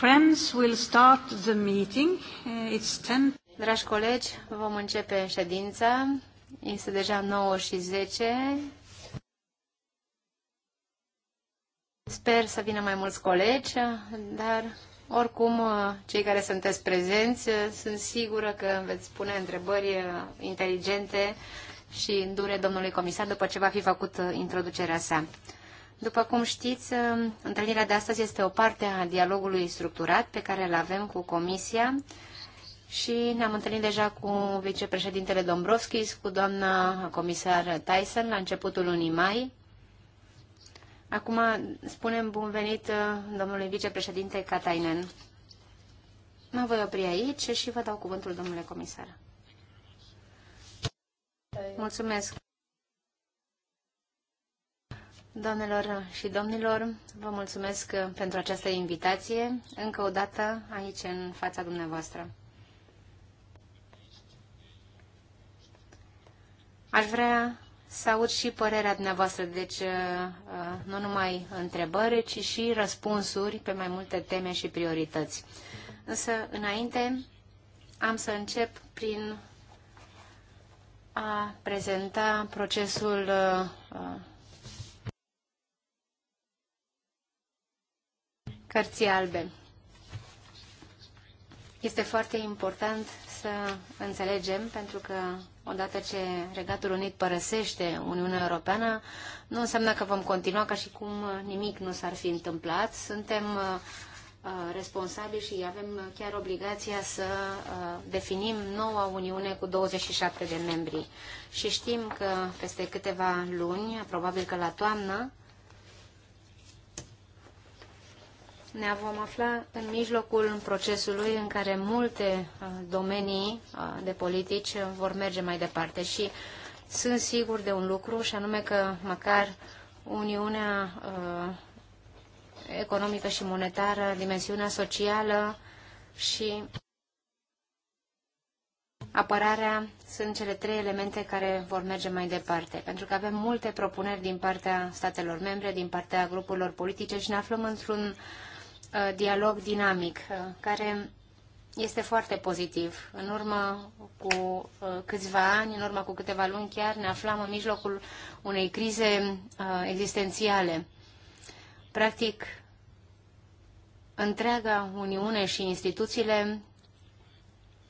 Friends, we'll start the meeting. Uh, it's 10. Dragi colegi, vom începe ședința. Este deja 9 și 10. Sper să vină mai mulți colegi, dar oricum, uh, cei care sunteți prezenți, uh, sunt sigură că veți pune întrebări inteligente și dure domnului comisar după ce va fi făcut introducerea sa. După cum știți, um, întâlnirea de astăzi este o parte a dialogului structurat pe care îl avem cu Comisia și ne-am întâlnit deja cu vicepreședintele Dombrovskis, cu doamna comisar Tyson la începutul lunii mai. Acum spunem bun venit uh, domnului vicepreședinte Katainen. Mă voi opri aici și vă dau cuvântul, domnule comisar. Mulțumesc. Doamnelor și domnilor, vă mulțumesc pentru această invitație, încă o dată aici, în fața dumneavoastră. Aș vrea să aud și părerea dumneavoastră, deci uh, nu numai întrebări, ci și răspunsuri pe mai multe teme și priorități. Însă, înainte, am să încep prin a prezenta procesul uh, uh, cărții albe. Este foarte important să înțelegem, pentru că odată ce Regatul Unit părăsește Uniunea Europeană, nu înseamnă că vom continua ca și cum nimic nu s-ar fi întâmplat. Suntem uh, uh, responsabili și avem chiar obligația să uh, definim noua Uniune cu 27 de membri. Și știm că peste câteva luni, probabil că la toamnă, ne vom afla în mijlocul procesului în care multe uh, domenii uh, de politici vor merge mai departe și sunt sigur de un lucru și anume că măcar Uniunea uh, economică și monetară, dimensiunea socială și apărarea sunt cele trei elemente care vor merge mai departe, pentru că avem multe propuneri din partea statelor membre, din partea grupurilor politice și ne aflăm într-un uh, Uh, dialog dinamic, uh, care este foarte pozitiv. În urmă cu uh, câțiva ani, în urmă cu câteva luni chiar, ne aflam în mijlocul unei crize existențiale. Practic, întreaga Uniune și instituțiile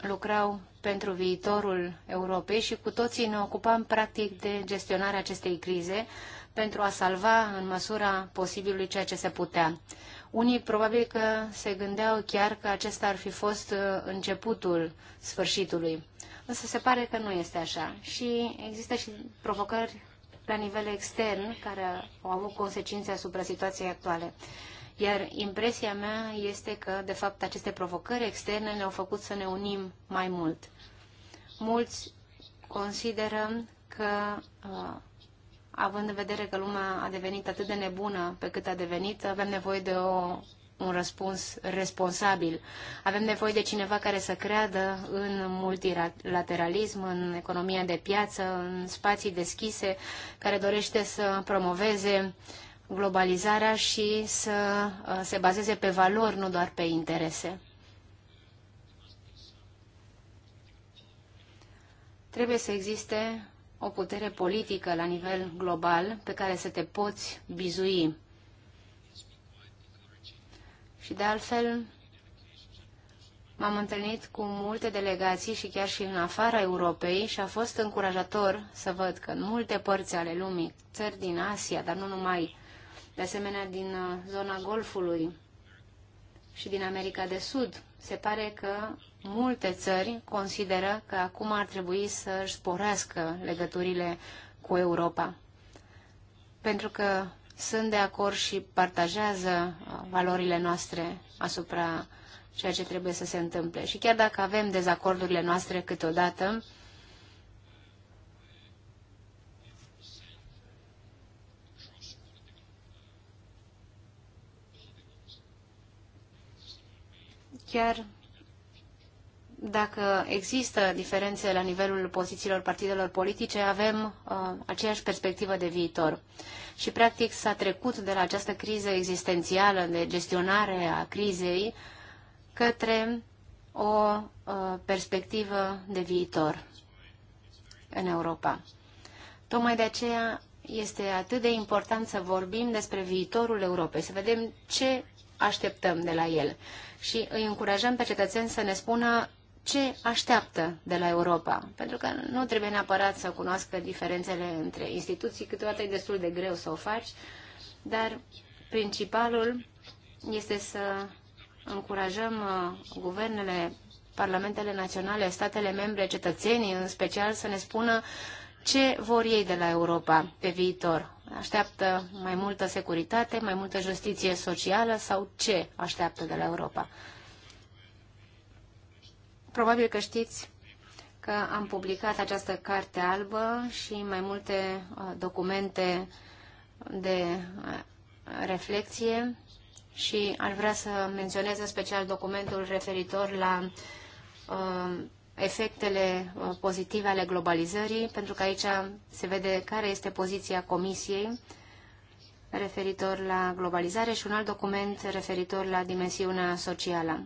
lucrau pentru viitorul Europei și cu toții ne ocupam practic de gestionarea acestei crize pentru a salva în măsura posibilului ceea ce se putea. Unii probabil că se gândeau chiar că acesta ar fi fost uh, începutul sfârșitului. Însă se pare că nu este așa. Și există și provocări la nivel extern care au avut consecințe asupra situației actuale. Iar impresia mea este că, de fapt, aceste provocări externe ne-au făcut să ne unim mai mult. Mulți consideră că uh, având în vedere că lumea a devenit atât de nebună pe cât a devenit, avem nevoie de o, un răspuns responsabil. Avem nevoie de cineva care să creadă în multilateralism, în economia de piață, în spații deschise, care dorește să promoveze globalizarea și să uh, se bazeze pe valori, nu doar pe interese. Trebuie să existe o putere politică la nivel global pe care să te poți bizui. Și de altfel, m-am întâlnit cu multe delegații și chiar și în afara Europei și a fost încurajator să văd că în multe părți ale lumii, țări din Asia, dar nu numai, de asemenea din uh, zona Golfului și din America de Sud, se pare că multe țări consideră că acum ar trebui să își sporească legăturile cu Europa. Pentru că sunt de acord și partajează uh, valorile noastre asupra ceea ce trebuie să se întâmple. Și chiar dacă avem dezacordurile noastre câteodată, chiar dacă există diferențe la nivelul pozițiilor partidelor politice, avem uh, aceeași perspectivă de viitor. Și, practic, s-a trecut de la această criză existențială de gestionare a crizei către o uh, perspectivă de viitor în Europa. Tocmai de aceea este atât de important să vorbim despre viitorul Europei, să vedem ce așteptăm de la el. Și îi încurajăm pe cetățeni să ne spună ce așteaptă de la Europa. Pentru că nu trebuie neapărat să cunoască diferențele între instituții, câteodată e destul de greu să o faci, dar principalul este să încurajăm uh, guvernele, parlamentele naționale, statele membre, cetățenii în special să ne spună ce vor ei de la Europa pe viitor. Așteaptă mai multă securitate, mai multă justiție socială sau ce așteaptă de la Europa? Probabil că știți că am publicat această carte albă și mai multe uh, documente de uh, reflexie și ar vrea să menționez în special documentul referitor la uh, efectele pozitive ale globalizării, pentru că aici se vede care este poziția Comisiei referitor la globalizare și un alt document referitor la dimensiunea socială.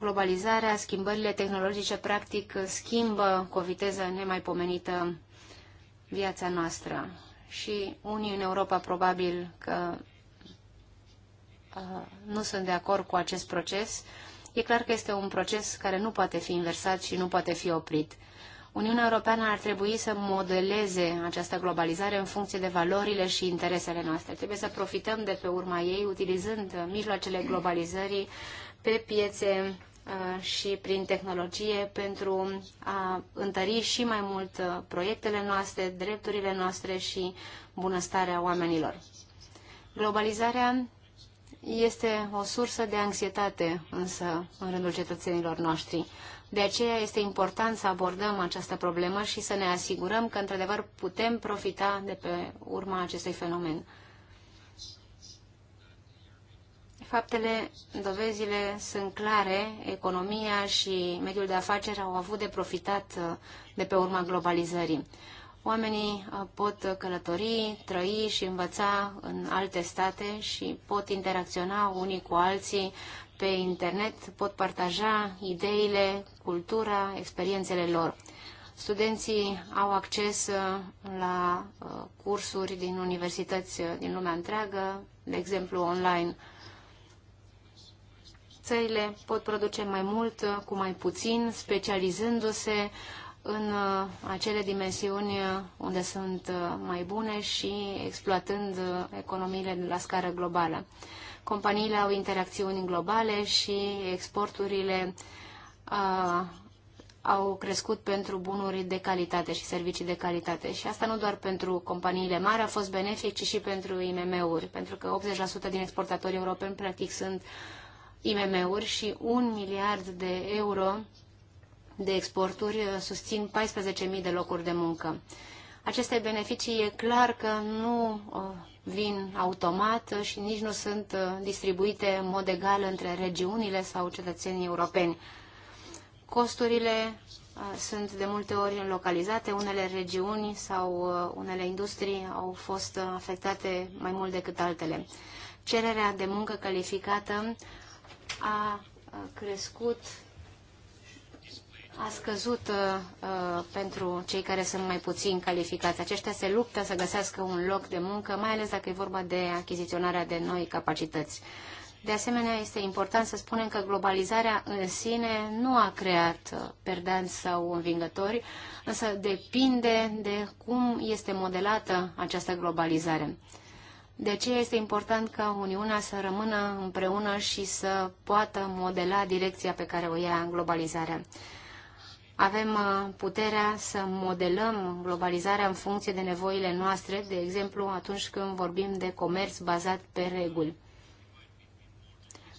Globalizarea, schimbările tehnologice, practic, schimbă cu o viteză nemaipomenită viața noastră. Și unii în Europa probabil că uh, nu sunt de acord cu acest proces. E clar că este un proces care nu poate fi inversat și nu poate fi oprit. Uniunea Europeană ar trebui să modeleze această globalizare în funcție de valorile și interesele noastre. Trebuie să profităm de pe urma ei, utilizând mijloacele globalizării pe piețe uh, și prin tehnologie pentru a întări și mai mult uh, proiectele noastre, drepturile noastre și bunăstarea oamenilor. Globalizarea este o sursă de anxietate, însă, în rândul cetățenilor noștri. De aceea este important să abordăm această problemă și să ne asigurăm că, într-adevăr, putem profita de pe urma acestui fenomen. Faptele, dovezile sunt clare, economia și mediul de afaceri au avut de profitat uh, de pe urma globalizării. Oamenii uh, pot călători, trăi și învăța în alte state și pot interacționa unii cu alții pe internet, pot partaja ideile, cultura, experiențele lor. Studenții au acces uh, la cursuri din universități din lumea întreagă, de exemplu online. Țările pot produce mai mult cu mai puțin, specializându-se în uh, acele dimensiuni uh, unde sunt uh, mai bune și exploatând economiile la scară globală. Companiile au interacțiuni globale și exporturile uh, au crescut pentru bunuri de calitate și servicii de calitate. Și asta nu doar pentru companiile mari a fost benefic, ci și pentru IMM-uri, pentru că 80% din exportatorii europeni practic sunt uh, IMM-uri și un miliard de euro de exporturi uh, susțin 14.000 de locuri de muncă. Aceste beneficii e clar că nu uh, vin automat uh, și nici nu sunt distribuite în mod egal între regiunile sau cetățenii europeni. Costurile sunt de multe ori localizate, unele regiuni sau unele industrii au fost afectate mai mult decât altele. Cererea de muncă calificată a crescut, a scăzut uh, pentru cei care sunt mai puțin calificați. Aceștia se luptă să găsească un loc de muncă, mai ales dacă e vorba de achiziționarea de noi capacități. De asemenea, este important să spunem că globalizarea în sine nu a creat perdanți sau învingători, însă depinde de cum este modelată această globalizare. De aceea este important ca Uniunea să rămână împreună și să poată modela direcția pe care o ia în globalizarea. Avem uh, puterea să modelăm globalizarea în funcție de nevoile noastre, de exemplu atunci când vorbim de comerț bazat pe reguli.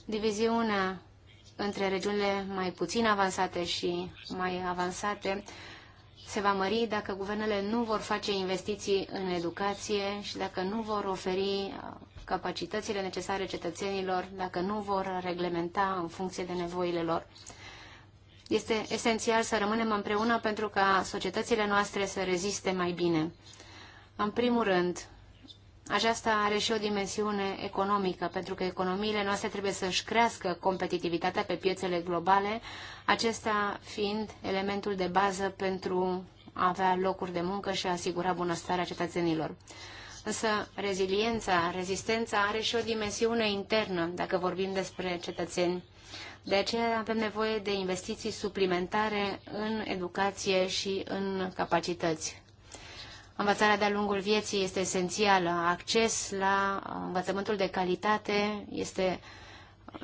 Diviziunea între regiunile mai puțin avansate și mai avansate se va mări dacă guvernele nu vor face investiții în educație și dacă nu vor oferi uh, capacitățile necesare cetățenilor, dacă nu vor reglementa în funcție de nevoile lor. Este esențial să rămânem împreună pentru ca societățile noastre să reziste mai bine. În primul rând, aceasta are și o dimensiune economică, pentru că economiile noastre trebuie să-și crească competitivitatea pe piețele globale, acesta fiind elementul de bază pentru a avea locuri de muncă și a asigura bunăstarea cetățenilor. Însă reziliența, rezistența are și o dimensiune internă, dacă vorbim despre cetățeni. De aceea avem nevoie de investiții suplimentare în educație și în capacități. Învățarea de-a lungul vieții este esențială. Acces la învățământul de calitate este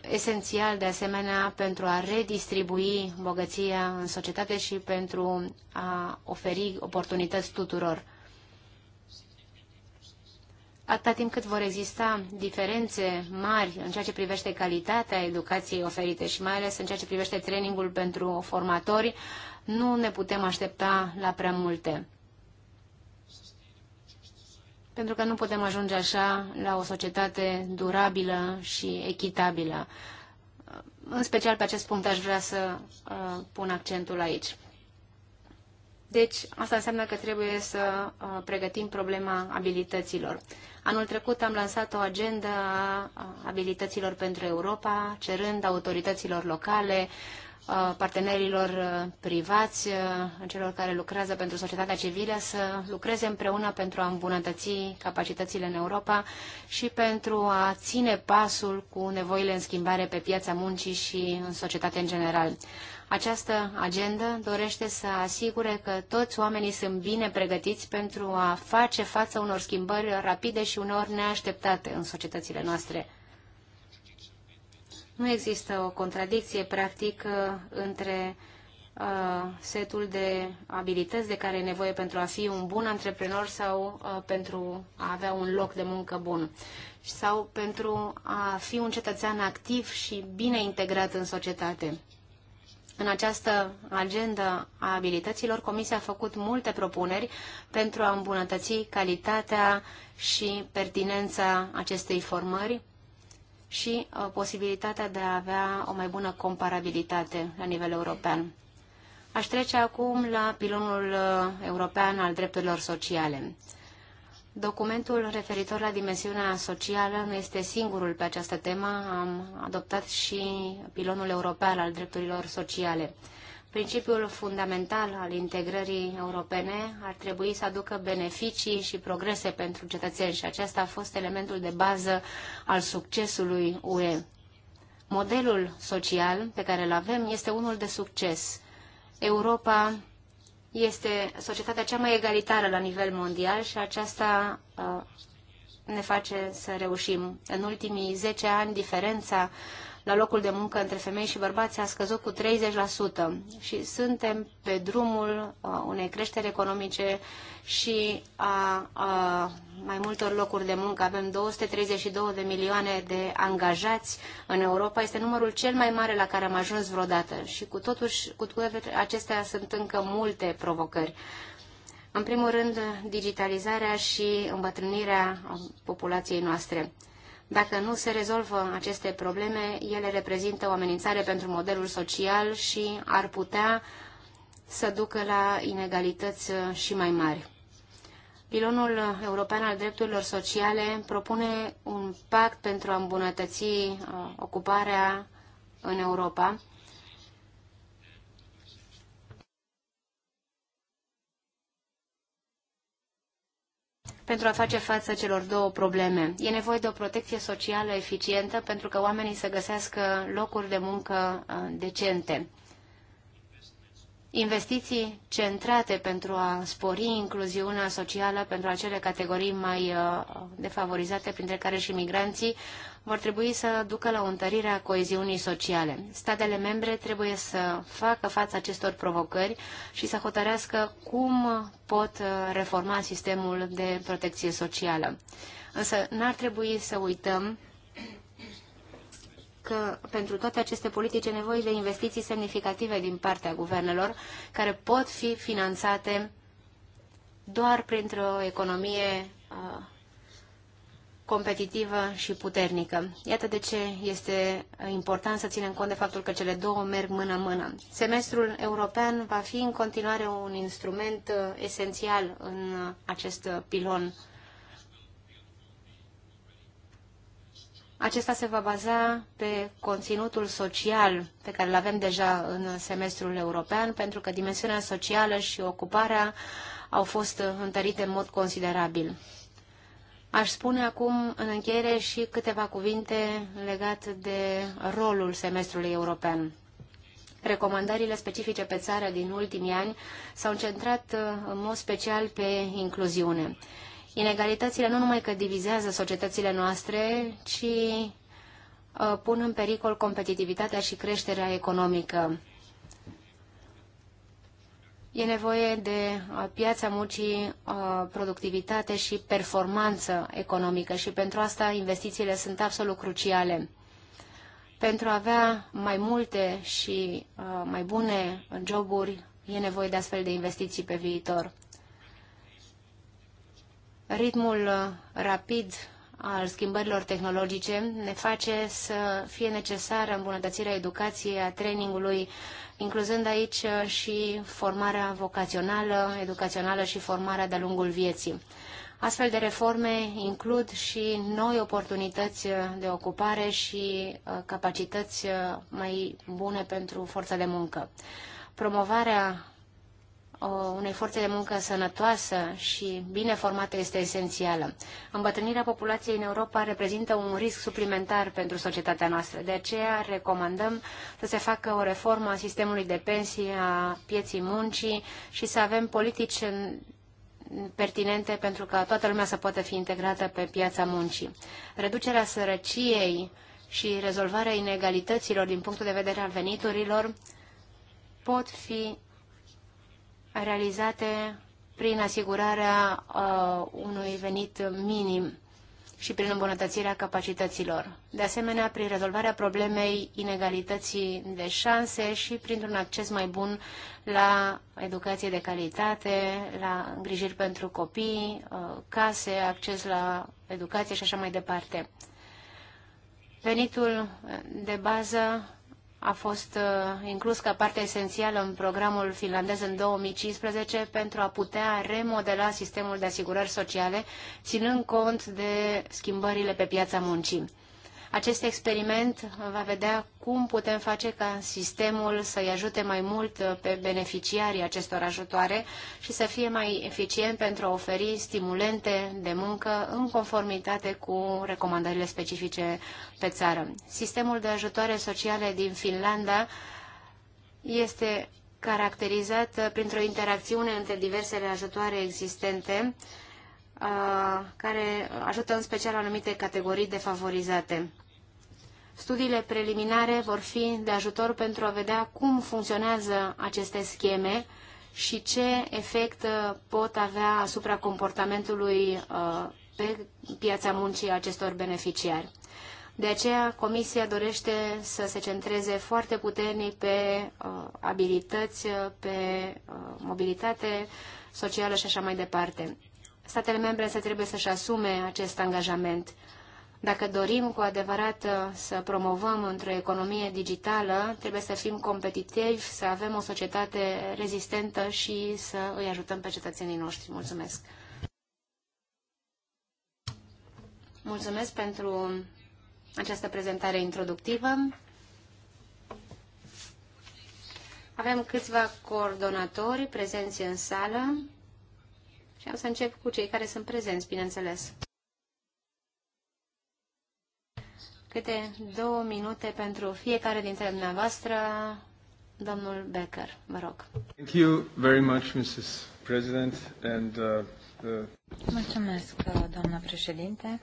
esențial de asemenea pentru a redistribui bogăția în societate și pentru a oferi oportunități tuturor. Atâta timp cât vor exista diferențe mari în ceea ce privește calitatea educației oferite și mai ales în ceea ce privește trainingul pentru formatori, nu ne putem aștepta la prea multe pentru că nu putem ajunge așa la o societate durabilă și echitabilă. În special pe acest punct aș vrea să uh, pun accentul aici. Deci, asta înseamnă că trebuie să uh, pregătim problema abilităților. Anul trecut am lansat o agendă a abilităților pentru Europa, cerând autorităților locale, uh, partenerilor privați, celor care lucrează pentru societatea civilă, să lucreze împreună pentru a îmbunătăți capacitățile în Europa și pentru a ține pasul cu nevoile în schimbare pe piața muncii și în societate în general. Această agendă dorește să asigure că toți oamenii sunt bine pregătiți pentru a face față unor schimbări rapide și uneori neașteptate în societățile noastre. Nu există o contradicție, practică între uh, setul de abilități de care e nevoie pentru a fi un bun antreprenor sau uh, pentru a avea un loc de muncă bun sau pentru a fi un cetățean activ și bine integrat în societate. În această agendă a abilităților, Comisia a făcut multe propuneri pentru a îmbunătăți calitatea și pertinența acestei formări și uh, posibilitatea de a avea o mai bună comparabilitate la nivel european. Aș trece acum la pilonul uh, european al drepturilor sociale. Documentul referitor la dimensiunea socială nu este singurul pe această temă. Am adoptat și pilonul european al drepturilor sociale. Principiul fundamental al integrării europene ar trebui să aducă beneficii și progrese pentru cetățeni și acesta a fost elementul de bază al succesului UE. Modelul social pe care îl avem este unul de succes. Europa este societatea cea mai egalitară la nivel mondial și aceasta uh, ne face să reușim. În ultimii 10 ani, diferența la locul de muncă între femei și bărbați a scăzut cu 30% și suntem pe drumul uh, unei creșteri economice și a, a mai multor locuri de muncă. Avem 232 de milioane de angajați în Europa. Este numărul cel mai mare la care am ajuns vreodată și cu, totuși, cu toate acestea sunt încă multe provocări. În primul rând, digitalizarea și îmbătrânirea populației noastre. Dacă nu se rezolvă aceste probleme, ele reprezintă o amenințare pentru modelul social și ar putea să ducă la inegalități și mai mari. Pilonul European al Drepturilor Sociale propune un pact pentru a îmbunătăți uh, ocuparea în Europa pentru a face față celor două probleme. E nevoie de o protecție socială eficientă pentru că oamenii să găsească locuri de muncă uh, decente investiții centrate pentru a spori incluziunea socială pentru acele categorii mai uh, defavorizate, printre care și migranții, vor trebui să ducă la o întărire a coeziunii sociale. Statele membre trebuie să facă față acestor provocări și să hotărească cum pot uh, reforma sistemul de protecție socială. Însă n-ar trebui să uităm că pentru toate aceste politici e nevoie de investiții semnificative din partea guvernelor, care pot fi finanțate doar printr-o economie uh, competitivă și puternică. Iată de ce este important să ținem cont de faptul că cele două merg mână-mână. Semestrul european va fi în continuare un instrument uh, esențial în uh, acest pilon Acesta se va baza pe conținutul social pe care îl avem deja în semestrul european, pentru că dimensiunea socială și ocuparea au fost întărite în mod considerabil. Aș spune acum în încheiere și câteva cuvinte legate de rolul semestrului european. Recomandările specifice pe țară din ultimii ani s-au centrat uh, în mod special pe incluziune. Inegalitățile nu numai că divizează societățile noastre, ci uh, pun în pericol competitivitatea și creșterea economică. E nevoie de uh, piața muncii, uh, productivitate și performanță economică și pentru asta investițiile sunt absolut cruciale. Pentru a avea mai multe și uh, mai bune joburi, e nevoie de astfel de investiții pe viitor ritmul uh, rapid al schimbărilor tehnologice ne face să fie necesară îmbunătățirea educației, a trainingului, incluzând aici uh, și formarea vocațională, educațională și formarea de-a lungul vieții. Astfel de reforme includ și noi oportunități uh, de ocupare și capacități mai bune pentru forța de muncă. Promovarea Uh, unei forțe de muncă sănătoasă și bine formată este esențială. Îmbătrânirea populației în Europa reprezintă un risc suplimentar pentru societatea noastră. De aceea recomandăm să se facă o reformă a sistemului de pensii, a pieții muncii și să avem politici pertinente pentru ca toată lumea să poată fi integrată pe piața muncii. Reducerea sărăciei și rezolvarea inegalităților din punctul de vedere al veniturilor pot fi realizate prin asigurarea uh, unui venit minim și prin îmbunătățirea capacităților. De asemenea, prin rezolvarea problemei inegalității de șanse și printr-un acces mai bun la educație de calitate, la îngrijiri pentru copii, uh, case, acces la educație și așa mai departe. Venitul de bază a fost uh, inclus ca parte esențială în programul finlandez în 2015 pentru a putea remodela sistemul de asigurări sociale, ținând cont de schimbările pe piața muncii. Acest experiment va vedea cum putem face ca sistemul să-i ajute mai mult uh, pe beneficiarii acestor ajutoare și să fie mai eficient pentru a oferi stimulente de muncă în conformitate cu recomandările specifice pe țară. Sistemul de ajutoare sociale din Finlanda este caracterizat uh, printr-o interacțiune între diversele ajutoare existente, uh, care ajută în special anumite categorii defavorizate. Studiile preliminare vor fi de ajutor pentru a vedea cum funcționează aceste scheme și ce efect uh, pot avea asupra comportamentului uh, pe piața muncii acestor beneficiari. De aceea, Comisia dorește să se centreze foarte puternic pe uh, abilități, pe mobilitate socială și așa mai departe. Statele membre însă trebuie să-și asume acest angajament. Dacă dorim cu adevărat uh, să promovăm într-o economie digitală, trebuie să fim competitivi, să avem o societate rezistentă și să îi ajutăm pe cetățenii noștri. Mulțumesc! Mulțumesc pentru această prezentare introductivă. Avem câțiva coordonatori prezenți în sală și am să încep cu cei care sunt prezenți, bineînțeles. Câte două minute pentru fiecare dintre dumneavoastră. Domnul Becker, vă rog. Thank you very much, Mrs. President, and, uh, the... Mulțumesc, uh, doamna președinte.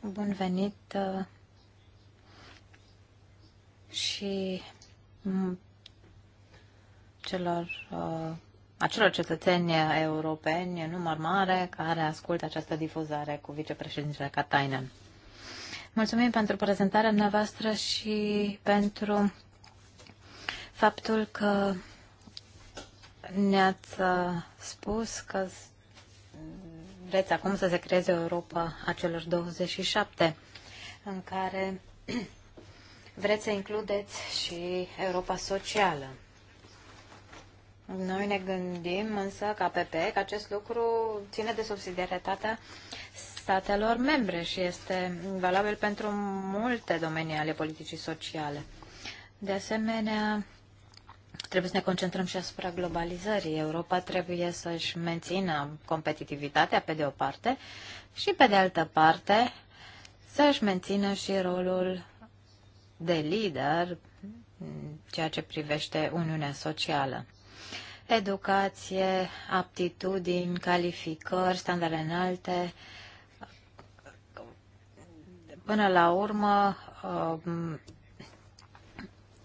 Bun venit uh, și mm, celor, uh, acelor cetățeni europeni, număr mare, care ascultă această difuzare cu vicepreședintele Katainen. Mulțumim pentru prezentarea dumneavoastră și pentru faptul că ne-ați uh, spus că vreți acum să se creeze Europa a celor 27, în care vreți să includeți și Europa socială. Noi ne gândim însă ca PP că acest lucru ține de subsidiaritatea statelor membre și este valabil pentru multe domenii ale politicii sociale. De asemenea, trebuie să ne concentrăm și asupra globalizării. Europa trebuie să-și mențină competitivitatea pe de o parte și pe de altă parte să-și mențină și rolul de lider ceea ce privește Uniunea Socială. Educație, aptitudini, calificări, standarde înalte, până la urmă, um,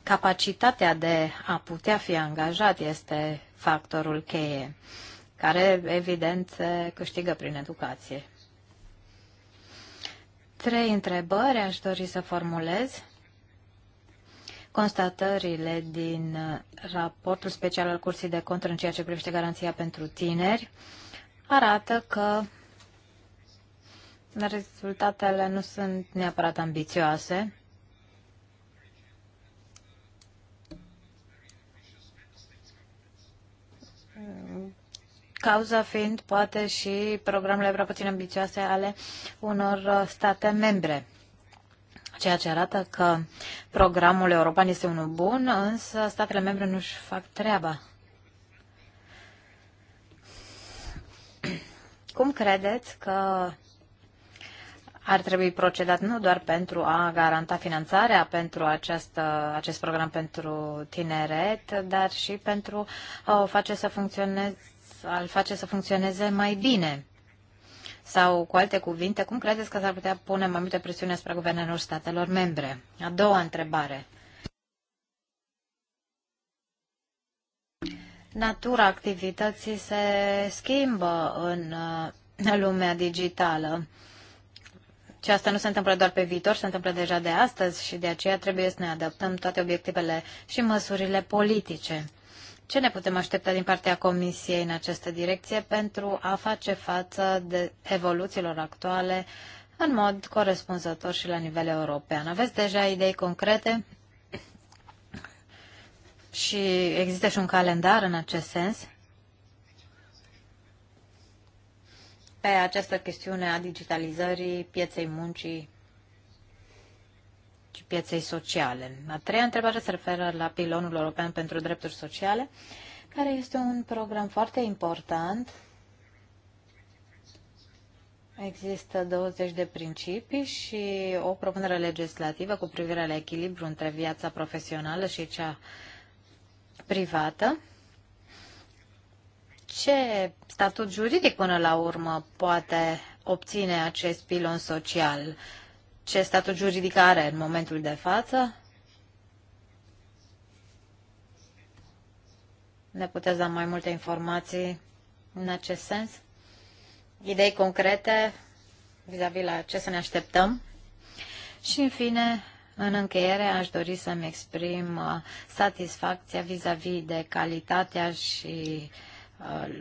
capacitatea de a putea fi angajat este factorul cheie, care, evident, se câștigă prin educație. Trei întrebări aș dori să formulez. Constatările din uh, raportul special al cursii de Conturi în ceea ce privește garanția pentru tineri arată că rezultatele nu sunt neapărat ambițioase. Cauza fiind poate și programele prea puțin ambițioase ale unor state membre ceea ce arată că programul european este unul bun, însă statele membre nu-și fac treaba. Cum credeți că ar trebui procedat nu doar pentru a garanta finanțarea pentru această, acest program pentru tineret, dar și pentru a o face să funcționeze, a-l face să funcționeze mai bine. Sau, cu alte cuvinte, cum credeți că s-ar putea pune mai multe presiune asupra guvernelor statelor membre? A doua întrebare. Natura activității se schimbă în uh, lumea digitală. Și asta nu se întâmplă doar pe viitor, se întâmplă deja de astăzi și de aceea trebuie să ne adaptăm toate obiectivele și măsurile politice. Ce ne putem aștepta din partea Comisiei în această direcție pentru a face față de evoluțiilor actuale în mod corespunzător și la nivel european? Aveți deja idei concrete? Și există și un calendar în acest sens? pe această chestiune a digitalizării pieței muncii și pieței sociale. A treia întrebare se referă la pilonul european pentru drepturi sociale, care este un program foarte important. Există 20 de principii și o propunere legislativă cu privire la echilibru între viața profesională și cea privată ce statut juridic până la urmă poate obține acest pilon social? Ce statut juridic are în momentul de față? Ne puteți da mai multe informații în acest sens? Idei concrete vis-a-vis -vis la ce să ne așteptăm? Și, în fine, în încheiere, aș dori să-mi exprim uh, satisfacția vis-a-vis -vis de calitatea și uh, Uh,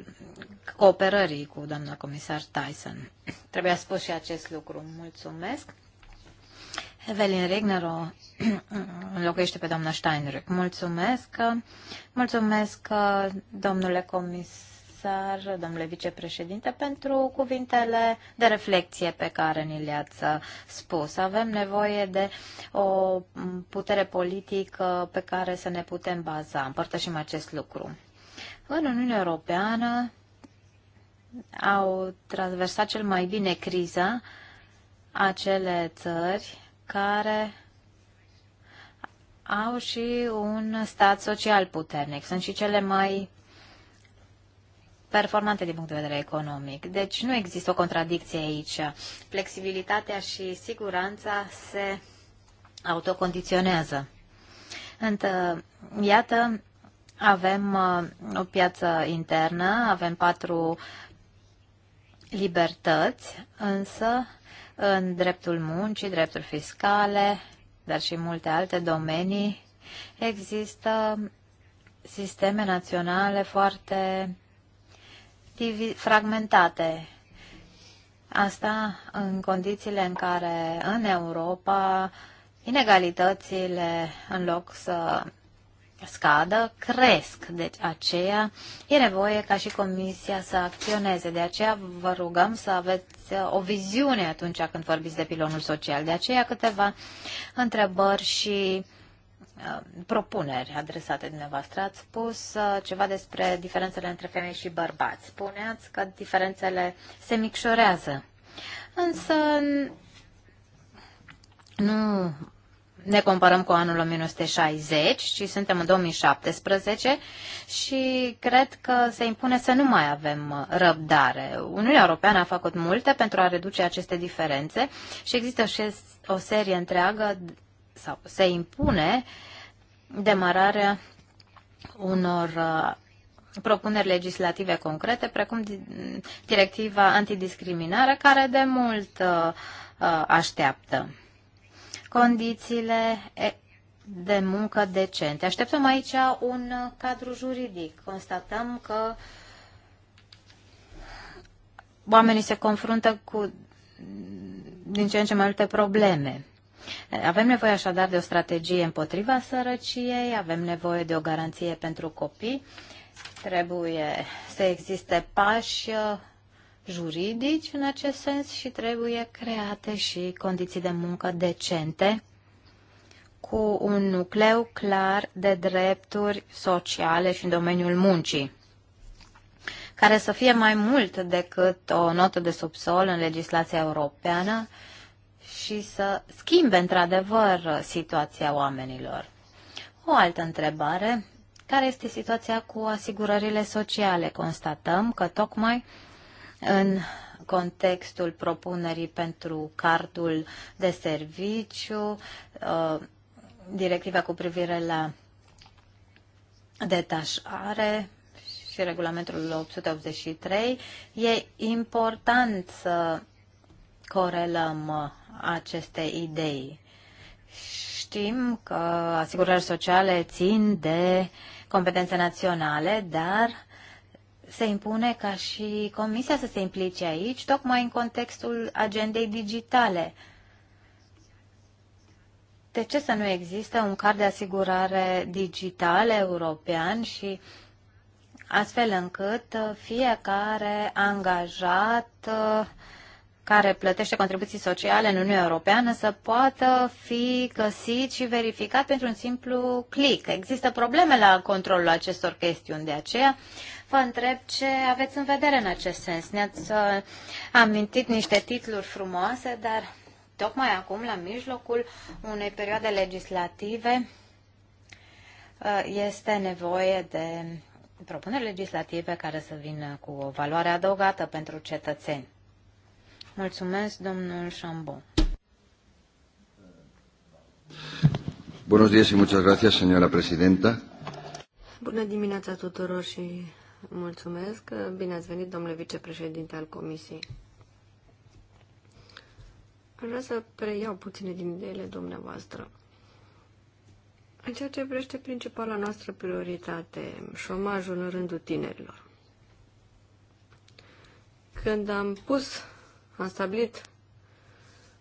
cooperării cu doamna comisar Tyson. Trebuia spus și acest lucru. Mulțumesc. Evelyn Regner o înlocuiește pe doamna Steinrück. Mulțumesc. Mulțumesc, domnule comisar, domnule vicepreședinte, pentru cuvintele de reflexie pe care ni le-ați spus. Avem nevoie de o putere politică pe care să ne putem baza. Împărtășim acest lucru în Uniunea Europeană au transversat cel mai bine criza acele țări care au și un stat social puternic. Sunt și cele mai performante din punct de vedere economic. Deci nu există o contradicție aici. Flexibilitatea și siguranța se autocondiționează. iată avem uh, o piață internă, avem patru libertăți, însă în dreptul muncii, drepturi fiscale, dar și multe alte domenii, există sisteme naționale foarte fragmentate. Asta în condițiile în care în Europa inegalitățile, în loc să scadă, cresc. Deci aceea e nevoie ca și Comisia să acționeze. De aceea vă rugăm să aveți uh, o viziune atunci când vorbiți de pilonul social. De aceea câteva întrebări și uh, propuneri adresate dumneavoastră. Ați spus uh, ceva despre diferențele între femei și bărbați. Spuneați că diferențele se micșorează. Însă nu ne comparăm cu anul 1960 și suntem în 2017 și cred că se impune să nu mai avem uh, răbdare. Uniunea Europeană a făcut multe pentru a reduce aceste diferențe și există și o serie întreagă sau se impune demararea unor uh, propuneri legislative concrete, precum directiva antidiscriminare, care de mult uh, așteaptă condițiile de muncă decente. Așteptăm aici un cadru juridic. Constatăm că oamenii se confruntă cu din ce în ce mai multe probleme. Avem nevoie așadar de o strategie împotriva sărăciei, avem nevoie de o garanție pentru copii, trebuie să existe pași juridici în acest sens și trebuie create și condiții de muncă decente cu un nucleu clar de drepturi sociale și în domeniul muncii, care să fie mai mult decât o notă de subsol în legislația europeană și să schimbe într-adevăr situația oamenilor. O altă întrebare, care este situația cu asigurările sociale? Constatăm că tocmai în contextul propunerii pentru cardul de serviciu, uh, directiva cu privire la detașare și regulamentul 883, e important să corelăm aceste idei. Știm că asigurările sociale țin de competențe naționale, dar se impune ca și Comisia să se implice aici, tocmai în contextul agendei digitale. De ce să nu există un card de asigurare digital european și astfel încât uh, fiecare angajat uh, care plătește contribuții sociale în Uniunea Europeană să poată fi găsit și verificat pentru un simplu click. Există probleme la controlul acestor chestiuni, de aceea vă întreb ce aveți în vedere în acest sens. Ne-ați uh, amintit niște titluri frumoase, dar tocmai acum, la mijlocul unei perioade legislative, uh, este nevoie de propuneri legislative care să vină cu o valoare adăugată pentru cetățeni. Mulțumesc, domnul Șambon. Buenos días y muchas gracias, señora presidenta. Bună dimineața tuturor și Mulțumesc. Bine ați venit, domnule vicepreședinte al Comisiei. Aș vrea să preiau puține din ideile dumneavoastră. În ceea ce vrește principala noastră prioritate, șomajul în rândul tinerilor. Când am pus, am stabilit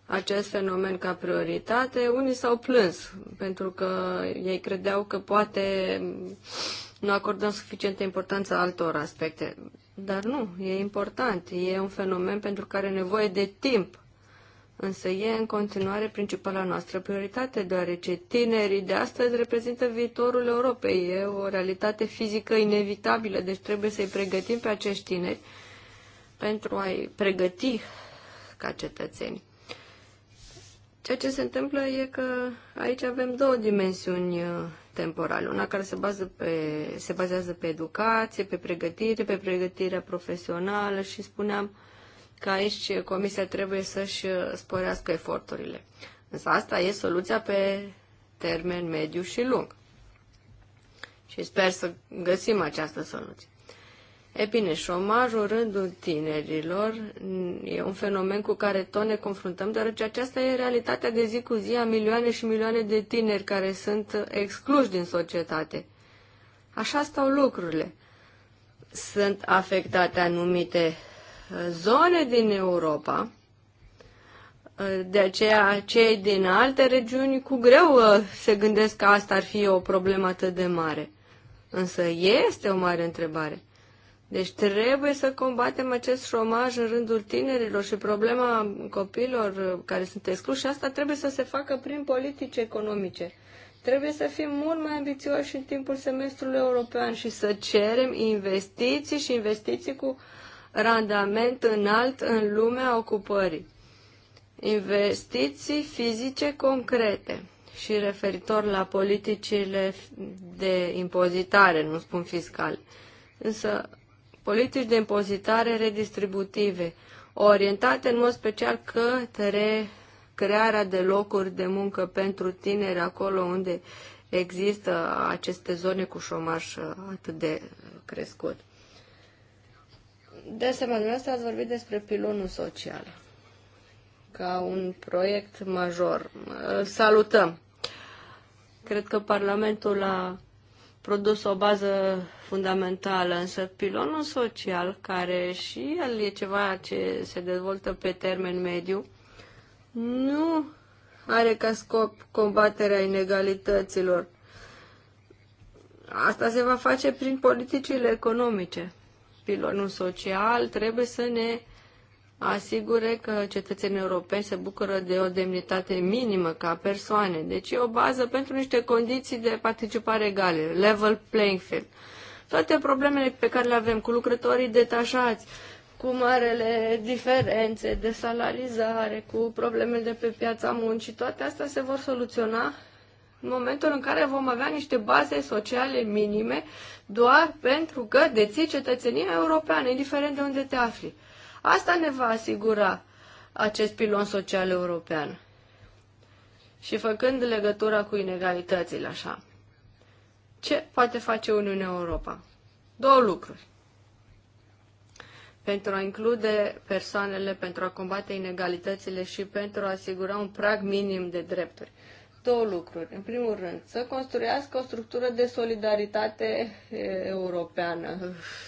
acest fenomen ca prioritate, unii s-au plâns pentru că ei credeau că poate nu acordăm suficientă importanță altor aspecte. Dar nu, e important, e un fenomen pentru care are nevoie de timp. Însă e în continuare principala noastră prioritate, deoarece tinerii de astăzi reprezintă viitorul Europei. E o realitate fizică inevitabilă, deci trebuie să-i pregătim pe acești tineri pentru a-i pregăti ca cetățeni. Ceea ce se întâmplă e că aici avem două dimensiuni uh, temporale, una care se, bază pe, se bazează pe educație, pe pregătire, pe pregătirea profesională și spuneam că aici Comisia trebuie să-și sporească eforturile. Însă asta e soluția pe termen mediu și lung. Și sper să găsim această soluție. E bine, șomajul rândul tinerilor e un fenomen cu care tot ne confruntăm, deoarece aceasta e realitatea de zi cu zi a milioane și milioane de tineri care sunt excluși din societate. Așa stau lucrurile. Sunt afectate anumite uh, zone din Europa, uh, de aceea cei din alte regiuni cu greu uh, se gândesc că asta ar fi o problemă atât de mare. Însă este o mare întrebare deci trebuie să combatem acest șomaj în rândul tinerilor și problema copiilor uh, care sunt excluși și asta trebuie să se facă prin politici economice. Trebuie să fim mult mai ambițioși în timpul semestrului european și să cerem investiții și investiții cu randament înalt în lumea ocupării. Investiții fizice concrete și referitor la politicile de impozitare, nu spun fiscal. Însă politici de impozitare redistributive, orientate în mod special către crearea de locuri de muncă pentru tineri acolo unde există aceste zone cu șomaș atât de crescut. De asemenea, dumneavoastră ați vorbit despre pilonul social ca un proiect major. Îl salutăm. Cred că Parlamentul a produs o bază fundamentală, însă pilonul social, care și el e ceva ce se dezvoltă pe termen mediu, nu are ca scop combaterea inegalităților. Asta se va face prin politicile economice. Pilonul social trebuie să ne asigure că cetățenii europeni se bucură de o demnitate minimă ca persoane. Deci e o bază pentru niște condiții de participare egale, level playing field. Toate problemele pe care le avem cu lucrătorii detașați, cu marele diferențe de salarizare, cu problemele de pe piața muncii, toate astea se vor soluționa în momentul în care vom avea niște baze sociale minime doar pentru că deții cetățenia europeană, indiferent de unde te afli. Asta ne va asigura acest pilon social european. Și făcând legătura cu inegalitățile așa, ce poate face Uniunea Europa? Două lucruri. Pentru a include persoanele, pentru a combate inegalitățile și pentru a asigura un prag minim de drepturi două lucruri. În primul rând, să construiască o structură de solidaritate eh, europeană,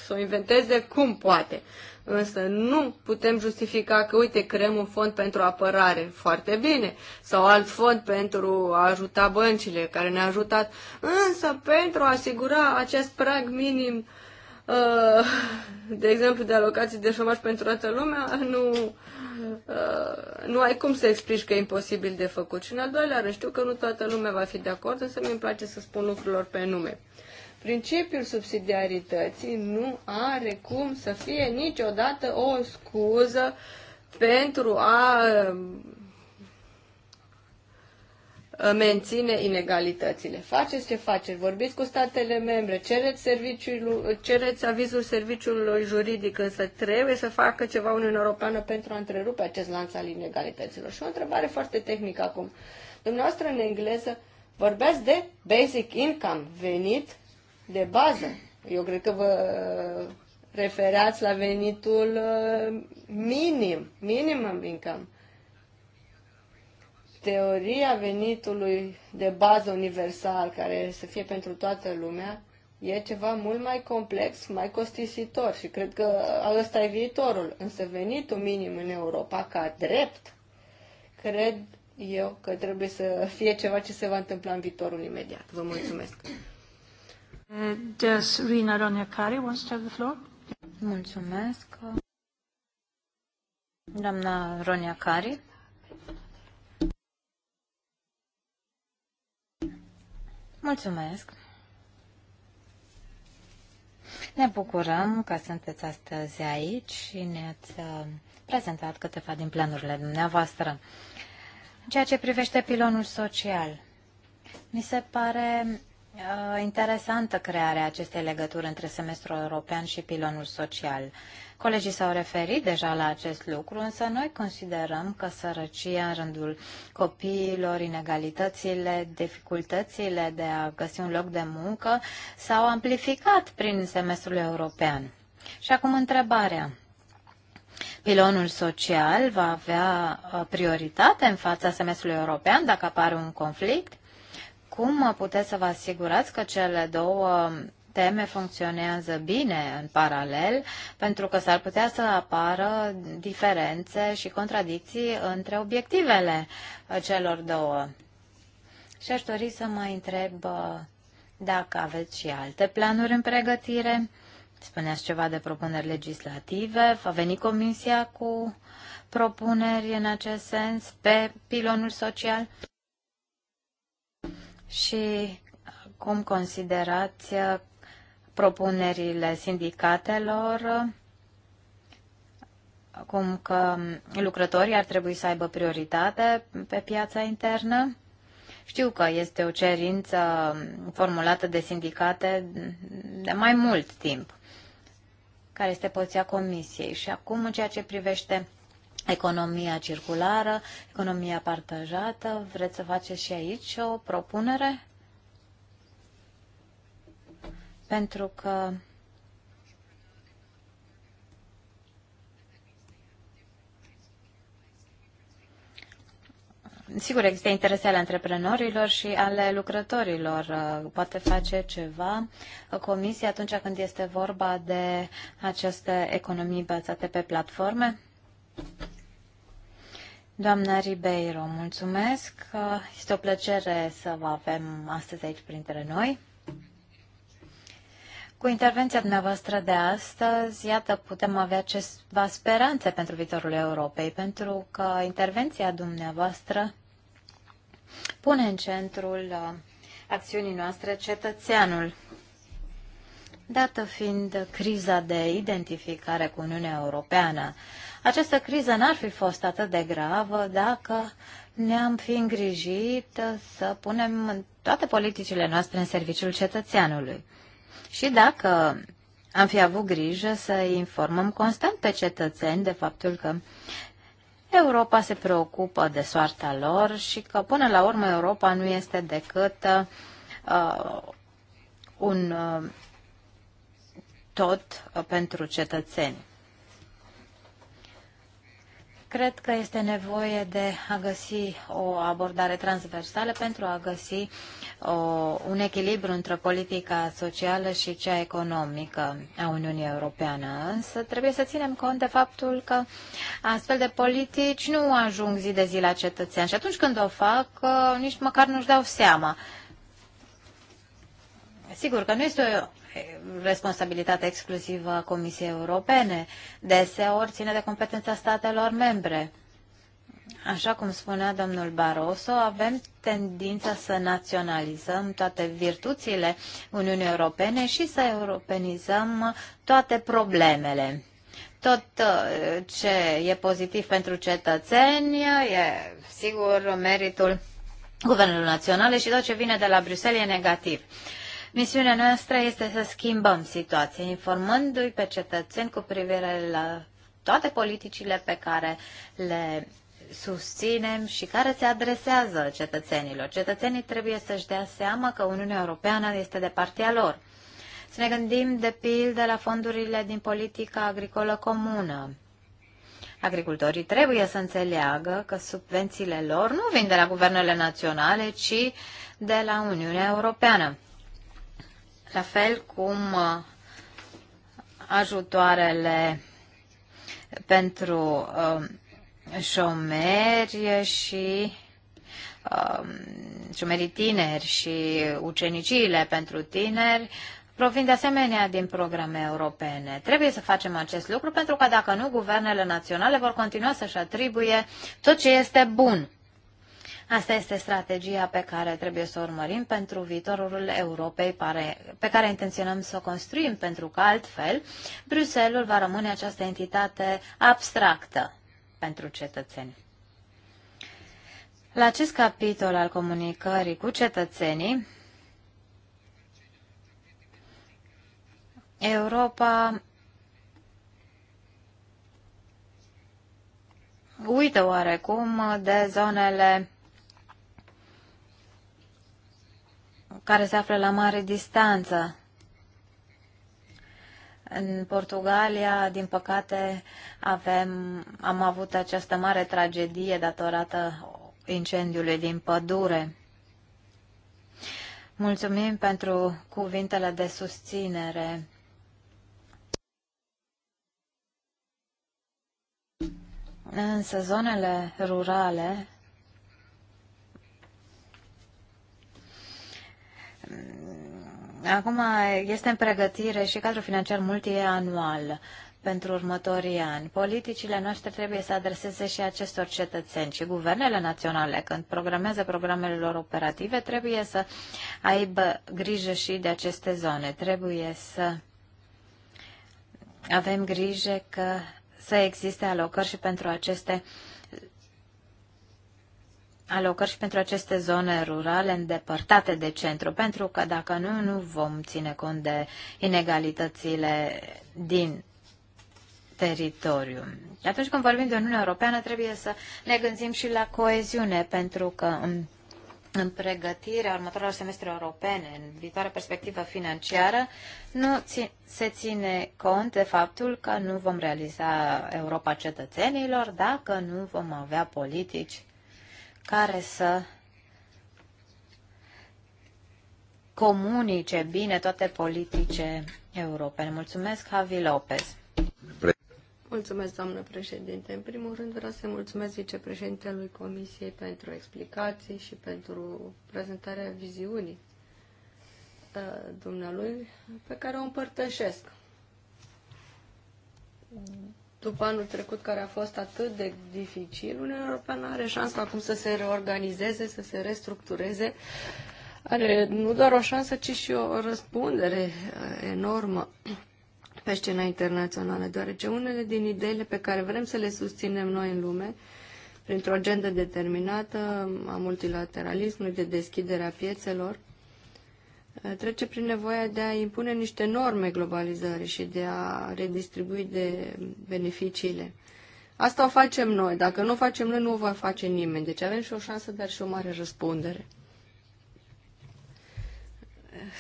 să o inventeze cum poate. Însă nu putem justifica că, uite, creăm un fond pentru apărare, foarte bine, sau alt fond pentru a ajuta băncile care ne-a ajutat, însă pentru a asigura acest prag minim, uh, de exemplu, de alocații de șomaș pentru toată lumea, nu, Uh, nu ai cum să explici că e imposibil de făcut. Și în al doilea rând, știu că nu toată lumea va fi de acord, însă mi-mi place să spun lucrurilor pe nume. Principiul subsidiarității nu are cum să fie niciodată o scuză pentru a um, menține inegalitățile. Faceți ce faceți, vorbiți cu statele membre, cereți, serviciul, cereți avizul serviciului juridic, însă trebuie să facă ceva Uniunea Europeană pentru a întrerupe acest lanț al inegalităților. Și o întrebare foarte tehnică acum. Dumneavoastră, în engleză, vorbeați de basic income, venit de bază. Eu cred că vă uh, refereați la venitul uh, minim, minimum income. Teoria venitului de bază universal, care să fie pentru toată lumea, e ceva mult mai complex, mai costisitor și cred că ăsta e viitorul. Însă venitul minim în Europa, ca drept, cred eu că trebuie să fie ceva ce se va întâmpla în viitorul imediat. Vă mulțumesc! Uh, does Rina Roniakari wants to have the floor? Mulțumesc. Doamna Roniakari. Mulțumesc. Ne bucurăm că sunteți astăzi aici și ne-ați uh, prezentat câteva din planurile dumneavoastră. În ceea ce privește pilonul social, mi se pare Uh, interesantă crearea acestei legături între semestrul european și pilonul social. Colegii s-au referit deja la acest lucru, însă noi considerăm că sărăcia în rândul copiilor, inegalitățile, dificultățile de a găsi un loc de muncă s-au amplificat prin semestrul european. Și acum întrebarea. Pilonul social va avea uh, prioritate în fața semestrului european dacă apare un conflict? Cum puteți să vă asigurați că cele două teme funcționează bine în paralel, pentru că s-ar putea să apară diferențe și contradicții între obiectivele celor două. Și aș dori să mă întreb uh, dacă aveți și alte planuri în pregătire. Spuneați ceva de propuneri legislative. Va veni Comisia cu propuneri în acest sens pe pilonul social? și cum considerați uh, propunerile sindicatelor, cum că lucrătorii ar trebui să aibă prioritate pe piața internă? Știu că este o cerință formulată de sindicate de mai mult timp. Care este poziția Comisiei? Și acum, în ceea ce privește economia circulară, economia partajată. Vreți să faceți și aici o propunere? Pentru că Sigur, există interese ale antreprenorilor și ale lucrătorilor. Poate face ceva comisia atunci când este vorba de aceste economii bazate pe platforme? Doamna Ribeiro, mulțumesc. Este o plăcere să vă avem astăzi aici printre noi. Cu intervenția dumneavoastră de astăzi, iată, putem avea ceva speranțe pentru viitorul Europei, pentru că intervenția dumneavoastră pune în centrul uh, acțiunii noastre cetățeanul. Dată fiind criza de identificare cu Uniunea Europeană, această criză n-ar fi fost atât de gravă dacă ne-am fi îngrijit să punem toate politicile noastre în serviciul cetățeanului. Și dacă am fi avut grijă să informăm constant pe cetățeni de faptul că Europa se preocupă de soarta lor și că până la urmă Europa nu este decât uh, un uh, tot pentru cetățeni. Cred că este nevoie de a găsi o abordare transversală pentru a găsi o, un echilibru între politica socială și cea economică a Uniunii Europeană. Însă trebuie să ținem cont de faptul că astfel de politici nu ajung zi de zi la cetățean și atunci când o fac, uh, nici măcar nu-și dau seama. Sigur că nu este o responsabilitatea exclusivă a Comisiei Europene. Deseori ține de competența statelor membre. Așa cum spunea domnul Barroso, avem tendința să naționalizăm toate virtuțile Uniunii Europene și să europenizăm toate problemele. Tot uh, ce e pozitiv pentru cetățeni e, sigur, meritul guvernului naționale și tot ce vine de la Bruxelles e negativ. Uh, Misiunea noastră este să schimbăm situația, informându-i pe cetățeni cu privire la toate politicile pe care le susținem și care se adresează cetățenilor. Cetățenii trebuie să-și dea seama că Uniunea Europeană este de partea lor. Să ne gândim de pildă la fondurile din politica agricolă comună. Agricultorii trebuie să înțeleagă că subvențiile lor nu vin de la guvernele naționale, ci de la Uniunea Europeană la fel cum uh, ajutoarele pentru uh, șomeri și uh, șomerii tineri și uceniciile pentru tineri provin de asemenea din programe europene. Trebuie să facem acest lucru pentru că dacă nu, guvernele naționale vor continua să-și atribuie tot ce este bun Asta este strategia pe care trebuie să o urmărim pentru viitorul Europei pe care intenționăm să o construim, pentru că altfel Bruselul va rămâne această entitate abstractă pentru cetățeni. La acest capitol al comunicării cu cetățenii, Europa uită oarecum de zonele care se află la mare distanță. În Portugalia, din păcate, avem, am avut această mare tragedie datorată incendiului din pădure. Mulțumim pentru cuvintele de susținere. Însă zonele rurale Mm, acum este în pregătire și cadrul financiar multianual pentru următorii ani. Politicile noastre trebuie să adreseze și acestor cetățeni și guvernele naționale, când programează programele lor operative, trebuie să aibă grijă și de aceste zone. Trebuie să avem grijă că să existe alocări și pentru aceste alocări și pentru aceste zone rurale îndepărtate de centru, pentru că dacă nu, nu vom ține cont de inegalitățile din teritoriu. Atunci când vorbim de Uniunea Europeană, trebuie să ne gândim și la coeziune, pentru că în, în pregătirea următoarelor semestre europene, în viitoarea perspectivă financiară, nu ți, se ține cont de faptul că nu vom realiza Europa cetățenilor dacă nu vom avea politici care să comunice bine toate politice europene. Mulțumesc, Javi Lopez. Mulțumesc, doamnă președinte. În primul rând vreau să mulțumesc vicepreședintelui Comisiei pentru explicații și pentru prezentarea viziunii uh, dumnealui pe care o împărtășesc după anul trecut care a fost atât de dificil, Uniunea Europeană are șansa acum să se reorganizeze, să se restructureze. Are nu doar o șansă, ci și o răspundere eh, enormă pe scena internațională, deoarece unele din ideile pe care vrem să le susținem noi în lume, printr-o agendă determinată a multilateralismului, de deschidere a piețelor, trece prin nevoia de a impune niște norme globalizării și de a redistribui de beneficiile. Asta o facem noi. Dacă nu o facem noi, nu o va face nimeni. Deci avem și o șansă, dar și o mare răspundere.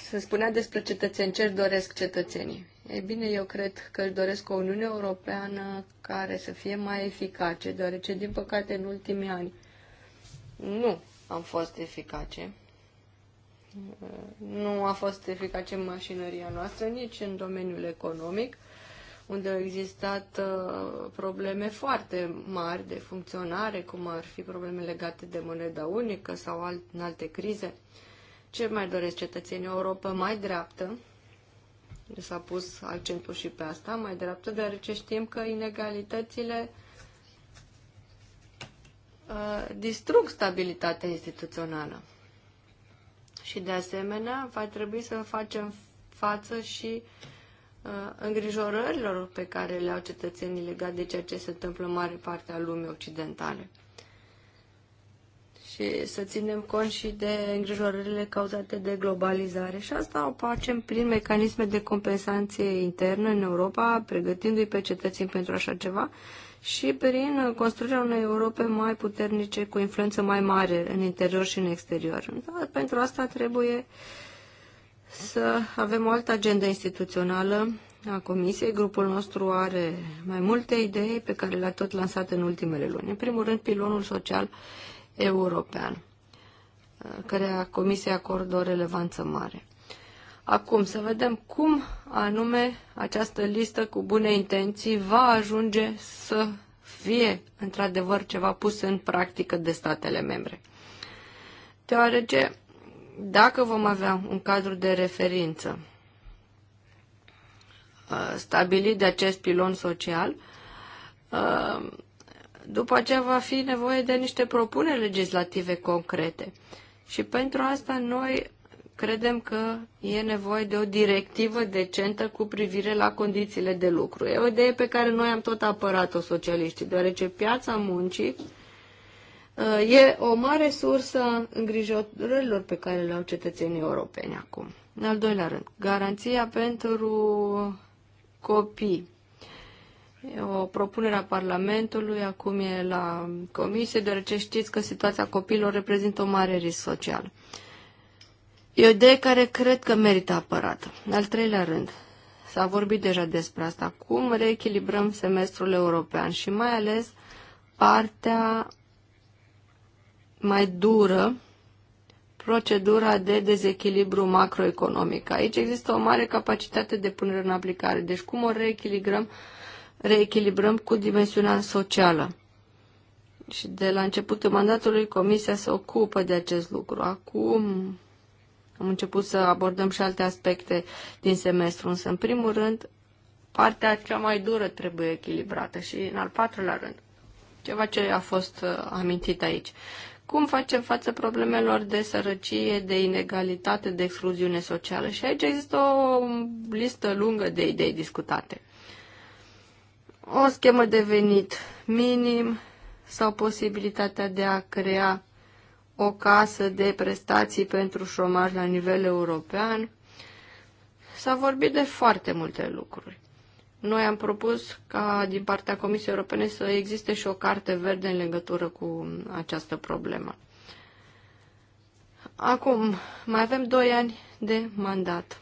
Se spunea despre cetățeni. Ce își doresc cetățenii? Ei bine, eu cred că își doresc o Uniune Europeană care să fie mai eficace, deoarece, din păcate, în ultimii ani nu am fost eficace. Nu a fost eficace mașinăria noastră nici în domeniul economic, unde au existat uh, probleme foarte mari de funcționare, cum ar fi probleme legate de moneda unică sau alt, în alte crize. Ce mai doresc cetățenii? O Europa mai dreaptă, s-a pus accentul și pe asta, mai dreaptă, deoarece știm că inegalitățile uh, distrug stabilitatea instituțională. Și de asemenea, va trebui să facem față și uh, îngrijorărilor pe care le au cetățenii legate de ceea ce se întâmplă în mare parte a lumii occidentale. Și să ținem cont și de îngrijorările cauzate de globalizare. Și asta o facem prin mecanisme de compensație internă în Europa, pregătindu-i pe cetățeni pentru așa ceva și prin construirea unei Europe mai puternice, cu influență mai mare în interior și în exterior. Dar pentru asta trebuie să avem o altă agendă instituțională a Comisiei. Grupul nostru are mai multe idei pe care le-a tot lansat în ultimele luni. În primul rând, pilonul social european, care Comisia acordă o relevanță mare. Acum să vedem cum anume această listă cu bune intenții va ajunge să fie într-adevăr ceva pus în practică de statele membre. Deoarece dacă vom avea un cadru de referință uh, stabilit de acest pilon social, uh, după aceea va fi nevoie de niște propuneri legislative concrete. Și pentru asta noi credem că e nevoie de o directivă decentă cu privire la condițiile de lucru. E o idee pe care noi am tot apărat-o socialiștii, deoarece piața muncii uh, e o mare sursă îngrijorărilor pe care le au cetățenii europeni acum. În al doilea rând, garanția pentru copii. E o propunere a Parlamentului, acum e la comisie, deoarece știți că situația copiilor reprezintă o mare risc social. Uh, E o idee care cred că merită apărată. În al treilea rând, s-a vorbit deja despre asta, cum reechilibrăm semestrul european și mai ales partea mai dură, procedura de dezechilibru macroeconomic. Aici există o mare capacitate de punere în aplicare. Deci cum o reechilibrăm? Reechilibrăm cu dimensiunea socială. Și de la începutul mandatului Comisia se ocupă de acest lucru. Acum am început să abordăm și alte aspecte din semestru, însă, în primul rând, partea cea mai dură trebuie echilibrată și, în al patrulea rând, ceva ce a fost uh, amintit aici. Cum facem față problemelor de sărăcie, de inegalitate, de excluziune socială? Și aici există o listă lungă de idei discutate. O schemă de venit minim sau posibilitatea de a crea o casă de prestații pentru șomaj la nivel european. S-a vorbit de foarte multe lucruri. Noi am propus ca din partea Comisiei Europene să existe și o carte verde în legătură cu această problemă. Acum, mai avem doi ani de mandat.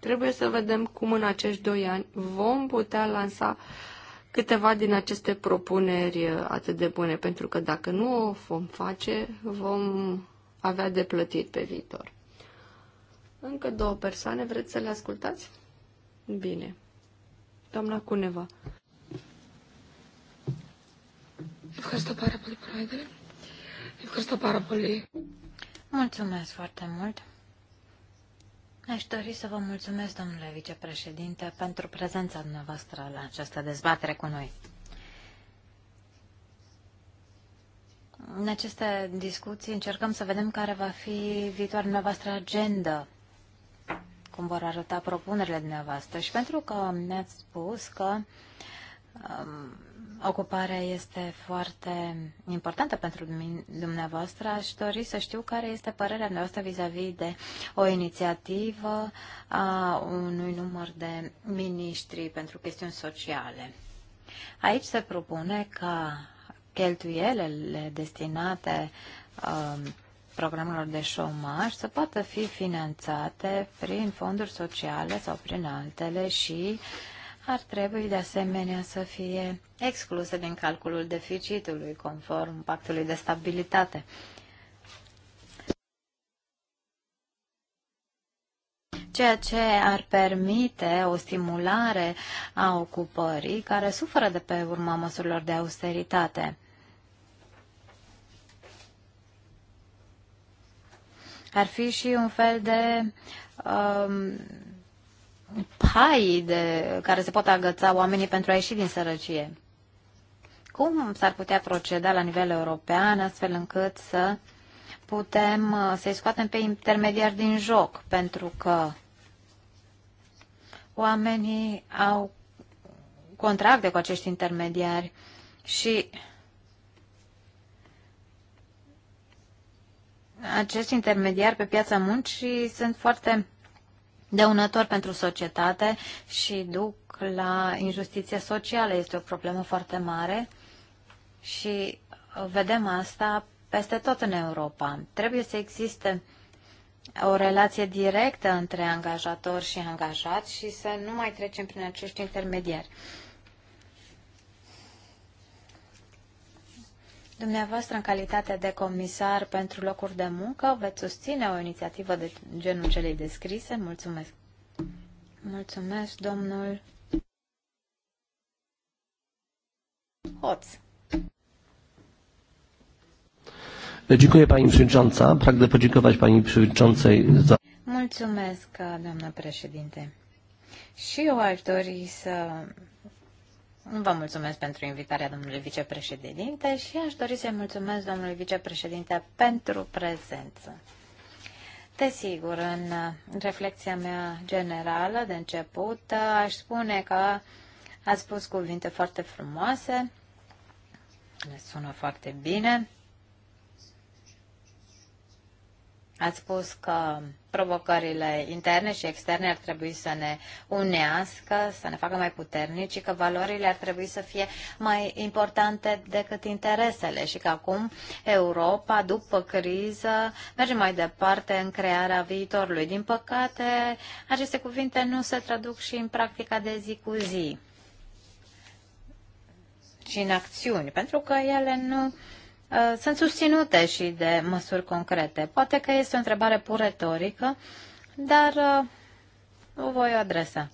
Trebuie să vedem cum în acești doi ani vom putea lansa uh, câteva din aceste propuneri atât de bune, pentru că dacă nu o vom face, vom avea de plătit pe viitor. Încă două persoane, vreți să le ascultați? Bine. Doamna Cuneva. Mulțumesc foarte mult. Aș dori să vă mulțumesc, domnule vicepreședinte, pentru prezența dumneavoastră la această dezbatere cu noi. În aceste discuții încercăm să vedem care va fi viitoarea dumneavoastră agenda, cum vor arăta propunerile dumneavoastră. Și pentru că ne-ați spus că um, ocuparea este foarte importantă pentru dumneavoastră. Aș dori să știu care este părerea noastră vis-a-vis -vis de o inițiativă a unui număr de miniștri pentru chestiuni sociale. Aici se propune ca cheltuielele destinate um, programelor de șomaj să poată fi finanțate prin fonduri sociale sau prin altele și uh, ar trebui de asemenea să fie excluse din calculul deficitului conform pactului de stabilitate. ceea ce ar permite o stimulare a ocupării care suferă de pe urma măsurilor de austeritate. Ar fi și un fel de um, pai de care se poate agăța oamenii pentru a ieși din sărăcie. Cum s-ar putea proceda la nivel european astfel încât să putem uh, să-i scoatem pe intermediari din joc, pentru că oamenii au contracte cu acești intermediari și acești intermediari pe piața muncii sunt foarte dăunător pentru societate și duc la injustiție socială. Este o problemă foarte mare și vedem asta peste tot în Europa. Trebuie să existe o relație directă între angajator și angajat și să nu mai trecem prin acești intermediari. Dumneavoastră, în calitate de comisar pentru locuri de muncă, veți susține o inițiativă de genul celei descrise? Mulțumesc! Mulțumesc, domnul Hoț. Dziękuję Pani Przewodnicząca. Pragnę podziękować Pani Przewodniczącej za... Mulțumesc, doamnă președinte. Și eu aș dori să Vă mulțumesc pentru invitarea domnului vicepreședinte și aș dori să-i mulțumesc domnului vicepreședinte pentru prezență. Desigur, în reflexia mea generală de început, aș spune că ați spus cuvinte foarte frumoase, ne sună foarte bine Ați spus că provocările interne și externe ar trebui să ne unească, să ne facă mai puternici și că valorile ar trebui să fie mai importante decât interesele și că acum Europa, după criză, merge mai departe în crearea viitorului. Din păcate, aceste cuvinte nu se traduc și în practica de zi cu zi și în acțiuni, pentru că ele nu uh, Uh, sunt susținute și de măsuri concrete. Poate că este o întrebare pur retorică, dar uh, o voi adresa.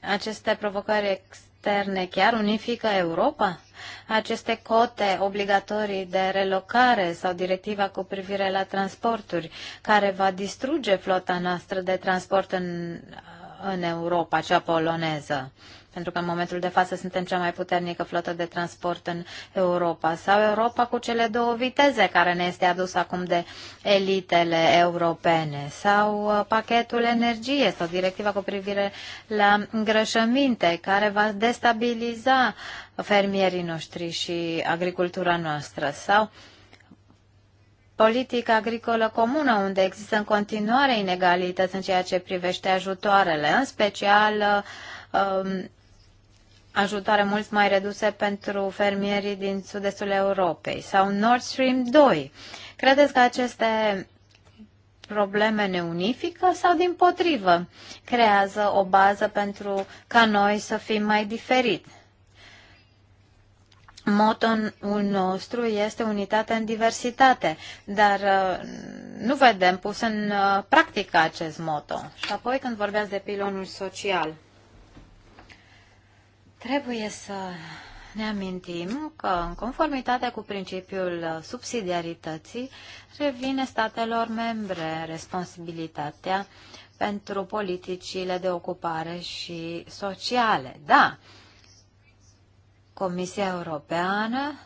Aceste provocări externe chiar unifică Europa? Aceste cote obligatorii de relocare sau directiva cu privire la transporturi, care va distruge flota noastră de transport în, în Europa, cea poloneză pentru că în momentul de față suntem cea mai puternică flotă de transport în Europa, sau Europa cu cele două viteze care ne este adus acum de elitele europene, sau uh, pachetul energie sau directiva cu privire la îngrășăminte care va destabiliza fermierii noștri și agricultura noastră, sau politica agricolă comună, unde există în continuare inegalități în ceea ce privește ajutoarele, în special uh, um, ajutoare mult mai reduse pentru fermierii din sud-estul Europei sau Nord Stream 2. Credeți că aceste probleme ne unifică sau din potrivă creează o bază pentru ca noi să fim mai diferiți? Motonul nostru este unitate în diversitate, dar uh, nu vedem pus în uh, practică acest moto. Și apoi când vorbeați de pilonul social, Trebuie să ne amintim că, în conformitate cu principiul subsidiarității, revine statelor membre responsabilitatea pentru politicile de ocupare și sociale. Da, Comisia Europeană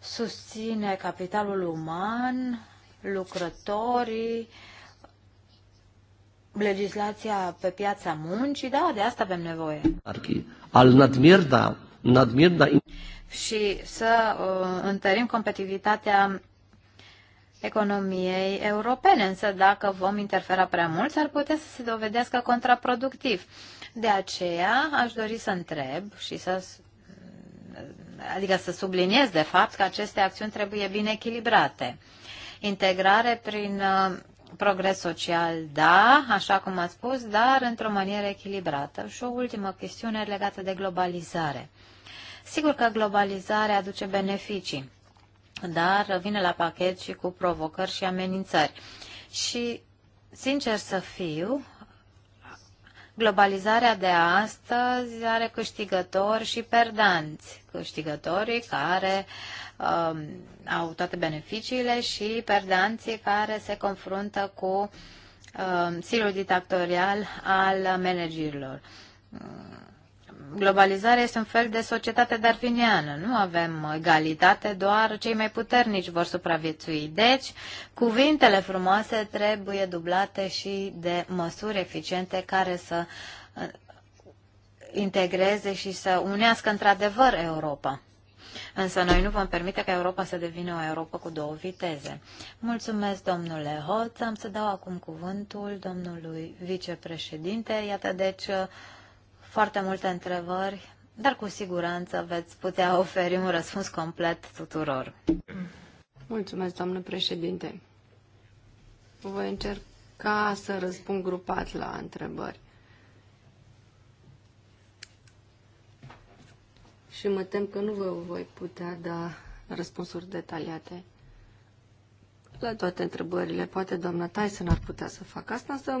susține capitalul uman, lucrătorii, legislația pe piața muncii, da, de asta avem nevoie. Al nadmierda, nadmierda... Și să uh, întărim competitivitatea economiei europene, însă dacă vom interfera prea mult, s-ar putea să se dovedească contraproductiv. De aceea aș dori să întreb și să adică să subliniez de fapt că aceste acțiuni trebuie bine echilibrate. Integrare prin uh, progres social, da, așa cum ați spus, dar într-o manieră echilibrată. Și o ultimă chestiune legată de globalizare. Sigur că globalizarea aduce beneficii, dar vine la pachet și cu provocări și amenințări. Și, sincer să fiu, globalizarea de astăzi are câștigători și perdanți. Câștigătorii care uh, au toate beneficiile și perdanții care se confruntă cu uh, silul dictatorial al managerilor. Uh, globalizarea este un fel de societate darwiniană. Nu avem egalitate, doar cei mai puternici vor supraviețui. Deci, cuvintele frumoase trebuie dublate și de măsuri eficiente care să uh, integreze și să unească într-adevăr Europa. Însă noi nu vom permite ca Europa să devină o Europa cu două viteze. Mulțumesc, domnule Hoț. Am să dau acum cuvântul domnului vicepreședinte. Iată, deci, uh, foarte multe întrebări, dar cu siguranță veți putea oferi un răspuns complet tuturor. Mulțumesc, doamnă președinte. Voi încerca să răspund grupat la întrebări. Și mă tem că nu vă voi putea da răspunsuri detaliate la toate întrebările. Poate doamna Tyson ar putea să facă asta, să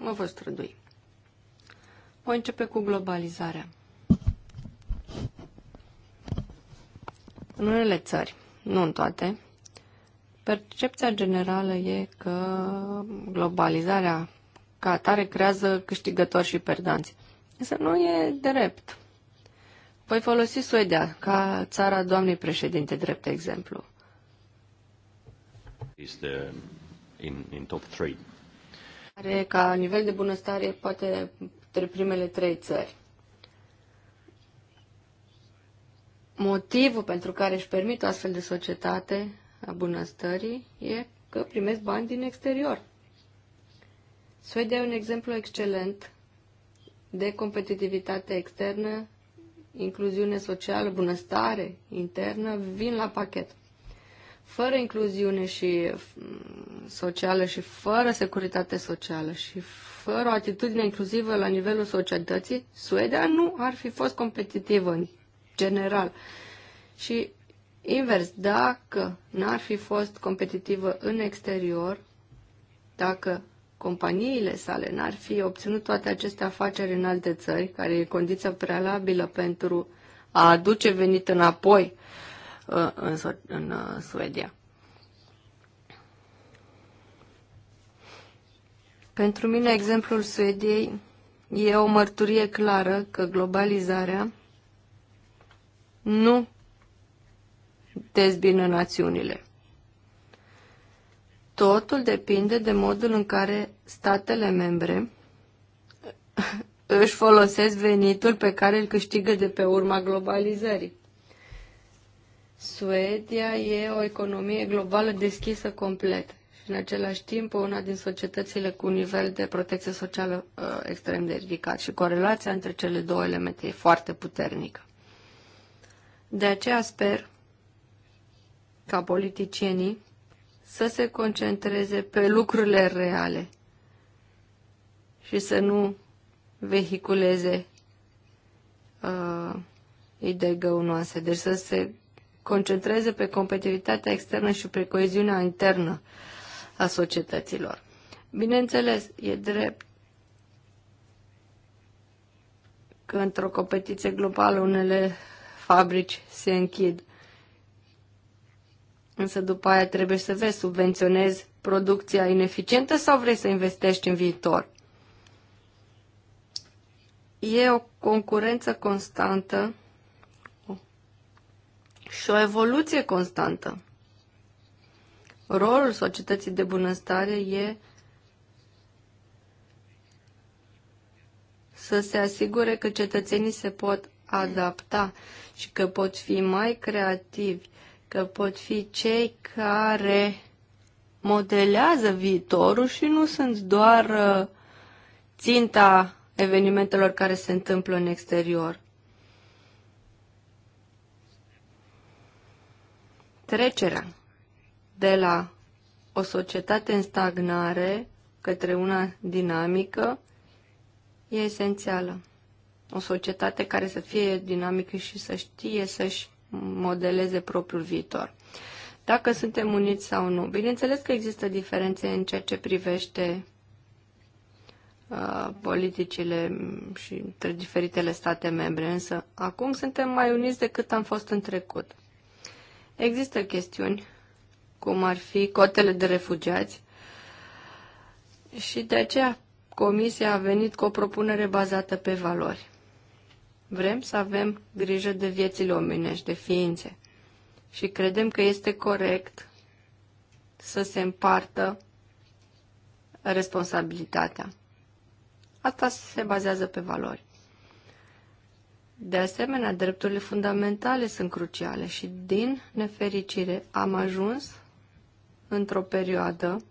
mă voi strădui. Voi începe cu globalizarea. În unele țări, nu în toate, percepția generală e că globalizarea ca atare creează câștigători și perdanți. Însă nu e drept. Voi folosi Suedia ca țara doamnei președinte, drept exemplu. Este in, in top 3. Care ca nivel de bunăstare poate către primele trei țări. Motivul pentru care își permit o astfel de societate a bunăstării e că primesc bani din exterior. Suedia e un exemplu excelent de competitivitate externă, incluziune socială, bunăstare internă, vin la pachet fără incluziune și socială și fără securitate socială și fără o atitudine inclusivă la nivelul societății, Suedia nu ar fi fost competitivă în general. Și invers, dacă n-ar fi fost competitivă în exterior, dacă companiile sale n-ar fi obținut toate aceste afaceri în alte țări, care e condiția prealabilă pentru a aduce venit înapoi Uh, în, în uh, Suedia. Pentru mine, exemplul Suediei e o mărturie clară că globalizarea nu dezbină națiunile. Totul depinde de modul în care statele membre își folosesc venitul pe care îl câștigă de pe urma globalizării. Suedia e o economie globală deschisă complet și în același timp una din societățile cu nivel de protecție socială uh, extrem de ridicat și corelația între cele două elemente e foarte puternică. De aceea sper ca politicienii să se concentreze pe lucrurile reale și să nu vehiculeze uh, idei găunoase, deci să se concentreze pe competitivitatea externă și pe coeziunea internă a societăților. Bineînțeles, e drept că într-o competiție globală unele fabrici se închid. Însă după aia trebuie să vezi, subvenționezi producția ineficientă sau vrei să investești în viitor? E o concurență constantă și o evoluție constantă. Rolul societății de bunăstare e să se asigure că cetățenii se pot adapta și că pot fi mai creativi, că pot fi cei care modelează viitorul și nu sunt doar uh, ținta evenimentelor care se întâmplă în exterior. trecerea de la o societate în stagnare către una dinamică e esențială. O societate care să fie dinamică și să știe să-și modeleze propriul viitor. Dacă suntem uniți sau nu. Bineînțeles că există diferențe în ceea ce privește uh, politicile și între diferitele state membre, însă acum suntem mai uniți decât am fost în trecut. Există chestiuni, cum ar fi cotele de refugiați, și de aceea Comisia a venit cu o propunere bazată pe valori. Vrem să avem grijă de viețile omenești, de ființe. Și credem că este corect să se împartă responsabilitatea. Asta se bazează pe valori. De asemenea, drepturile fundamentale sunt cruciale și, din nefericire, am ajuns într-o perioadă,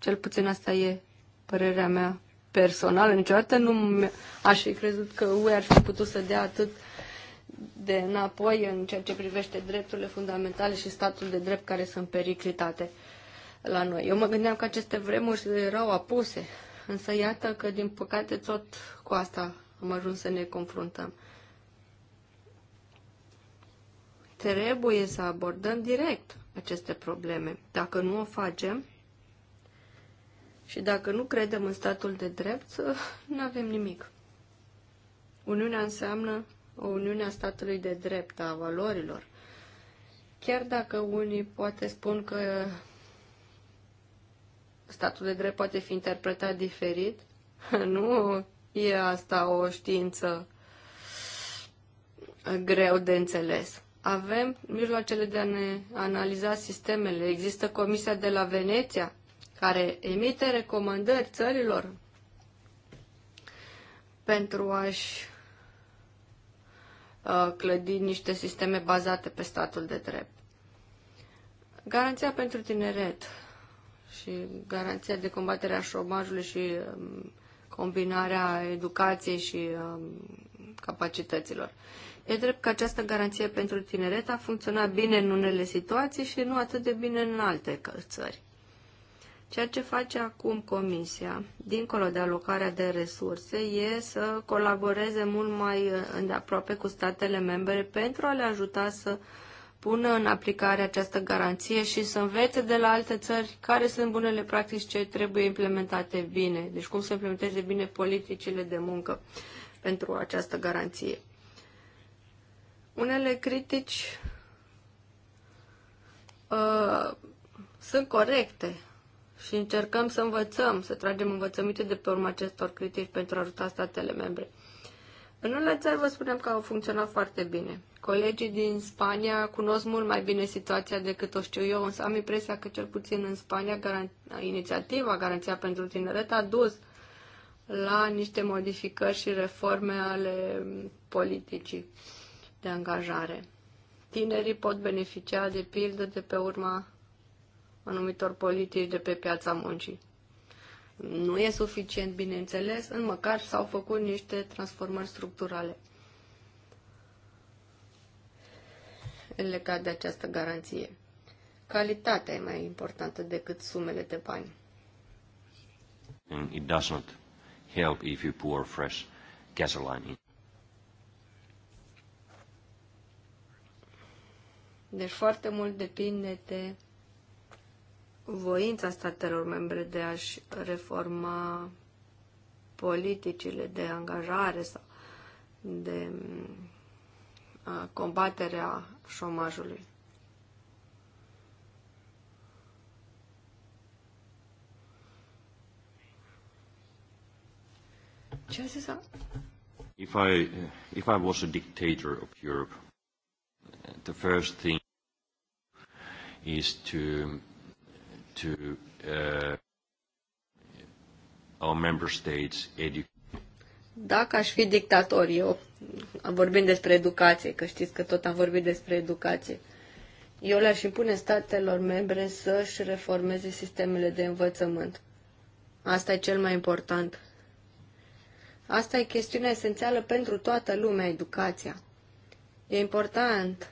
cel puțin asta e părerea mea personală, niciodată nu aș fi crezut că UE ar fi putut să dea atât de înapoi în ceea ce privește drepturile fundamentale și statul de drept care sunt periclitate la noi. Eu mă gândeam că aceste vremuri erau apuse, însă iată că, din păcate, tot cu asta am ajuns să ne confruntăm. trebuie să abordăm direct aceste probleme. Dacă nu o facem și dacă nu credem în statul de drept, nu avem nimic. Uniunea înseamnă o uniune a statului de drept, a valorilor. Chiar dacă unii poate spun că statul de drept poate fi interpretat diferit, nu e asta o știință greu de înțeles. Avem mijloacele de a ne analiza sistemele. Există Comisia de la Veneția care emite recomandări țărilor pentru a-și uh, clădi niște sisteme bazate pe statul de drept. Garanția pentru tineret și garanția de combatere a șomajului și um, combinarea educației și um, capacităților. E drept că această garanție pentru tineret a funcționat bine în unele situații și nu atât de bine în alte țări. Ceea ce face acum Comisia, dincolo de alocarea de resurse, e să colaboreze mult mai îndeaproape cu statele membre pentru a le ajuta să pună în aplicare această garanție și să învețe de la alte țări care sunt bunele practici ce trebuie implementate bine, deci cum să implementeze bine politicile de muncă pentru această garanție. Unele critici uh, sunt corecte și încercăm să învățăm, să tragem învățăminte de pe urma acestor critici pentru a ajuta statele membre. În unele țări vă spunem că au funcționat foarte bine. Colegii din Spania cunosc mult mai bine situația decât o știu eu, însă am impresia că cel puțin în Spania garan- inițiativa Garanția pentru Tineret a dus la niște modificări și reforme ale politicii de angajare. Tinerii pot beneficia de pildă de pe urma anumitor politici de pe piața muncii. Nu e suficient, bineînțeles, în măcar s-au făcut niște transformări structurale legat de această garanție. Calitatea e mai importantă decât sumele de bani. It does not help if you pour fresh gasoline in. Deci foarte mult depinde de voința statelor membre de a-și reforma politicile de angajare sau de combaterea șomajului. Ce zis If I, if I was a dictator of Europe, the first thing is to, to uh, our member states educate. Dacă aș fi dictator eu, vorbim despre educație, că știți că tot am vorbit despre educație, eu le-aș impune statelor membre să-și reformeze sistemele de învățământ. Asta e cel mai important. Asta e chestiunea esențială pentru toată lumea, educația. E important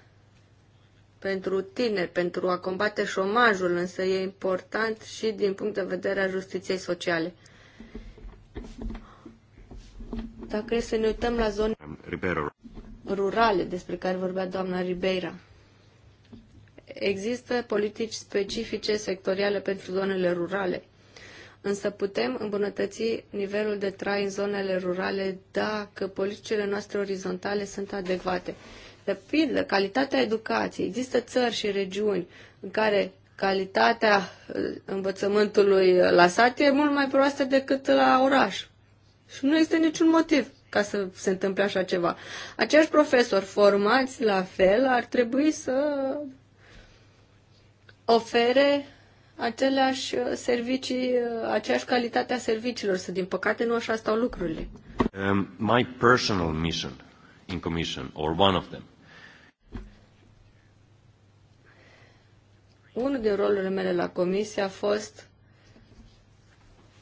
pentru tineri, pentru a combate șomajul, însă e important și din punct de vedere a justiției sociale. Dacă e să ne uităm la zone rurale despre care vorbea doamna Ribeira, există politici specifice sectoriale pentru zonele rurale. Însă putem îmbunătăți nivelul de trai în zonele rurale dacă politicile noastre orizontale sunt adecvate. De pildă, calitatea educației. Există țări și regiuni în care calitatea uh, învățământului uh, la sat e mult mai proastă decât la oraș. Și nu există niciun motiv ca să se întâmple așa ceva. Acești profesori formați la fel ar trebui să ofere aceleași uh, servicii, aceeași calitate a serviciilor, să din păcate nu așa stau lucrurile. Um, my personal mission in commission, or one of them, Unul din rolurile mele la comisie a fost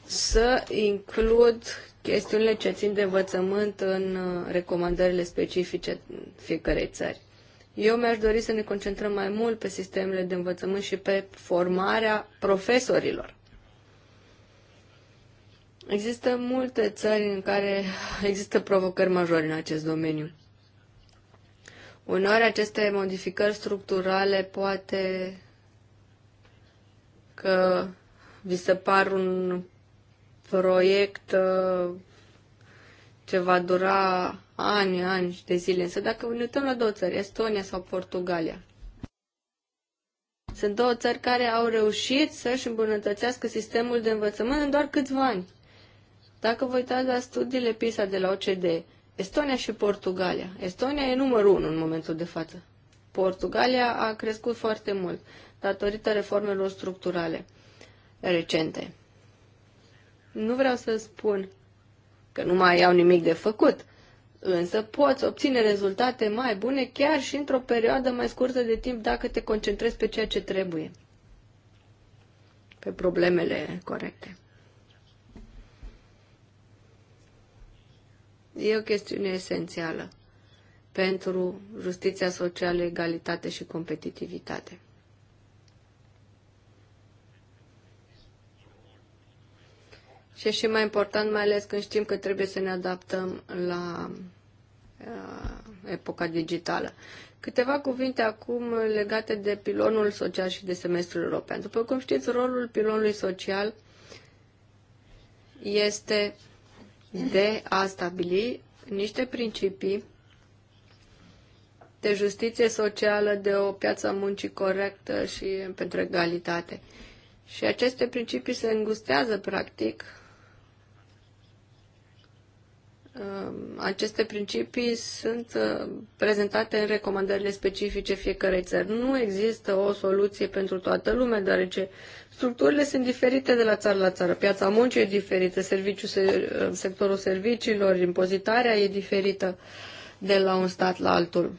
să includ chestiunile ce țin de învățământ în uh, recomandările specifice fiecarei țări. Eu mi-aș dori să ne concentrăm mai mult pe sistemele de învățământ și pe formarea profesorilor. Există multe țări în care există provocări majore în acest domeniu. Uneori aceste modificări structurale poate că vi se par un proiect uh, ce va dura ani, ani de zile. Însă dacă ne uităm la două țări, Estonia sau Portugalia, sunt două țări care au reușit să-și îmbunătățească sistemul de învățământ în doar câțiva ani. Dacă vă uitați la studiile PISA de la OCDE, Estonia și Portugalia. Estonia e numărul unu în momentul de față. Portugalia a crescut foarte mult datorită reformelor structurale recente. Nu vreau să spun că nu mai au nimic de făcut, însă poți obține rezultate mai bune chiar și într-o perioadă mai scurtă de timp dacă te concentrezi pe ceea ce trebuie, pe problemele corecte. E o chestiune esențială pentru justiția socială, egalitate și competitivitate. Și e și mai important, mai ales când știm că trebuie să ne adaptăm la uh, epoca digitală. Câteva cuvinte acum legate de pilonul social și de semestrul european. După cum știți, rolul pilonului social este de a stabili niște principii de justiție socială, de o piață a muncii corectă și pentru egalitate. Și aceste principii se îngustează, practic. Um, aceste principii sunt uh, prezentate în recomandările specifice fiecărei țări. Nu există o soluție pentru toată lumea, deoarece structurile sunt diferite de la țară la țară. Piața muncii e diferită, serviciul, uh, sectorul serviciilor, impozitarea e diferită de la un stat la altul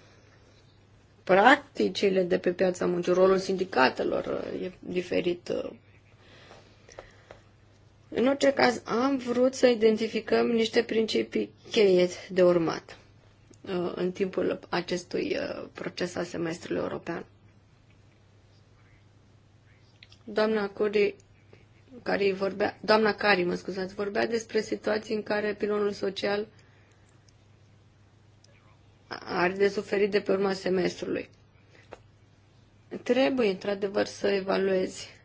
practicile de pe piața muncii, rolul sindicatelor uh, e diferit. Uh. În orice caz, am vrut să identificăm niște principii cheie de urmat uh, în timpul acestui proces al semestrului european. Doamna Curi, care vorbea, doamna Cari, mă scuzați, vorbea despre situații în care pilonul social are de suferit de pe urma semestrului. Trebuie, într-adevăr, să evaluezi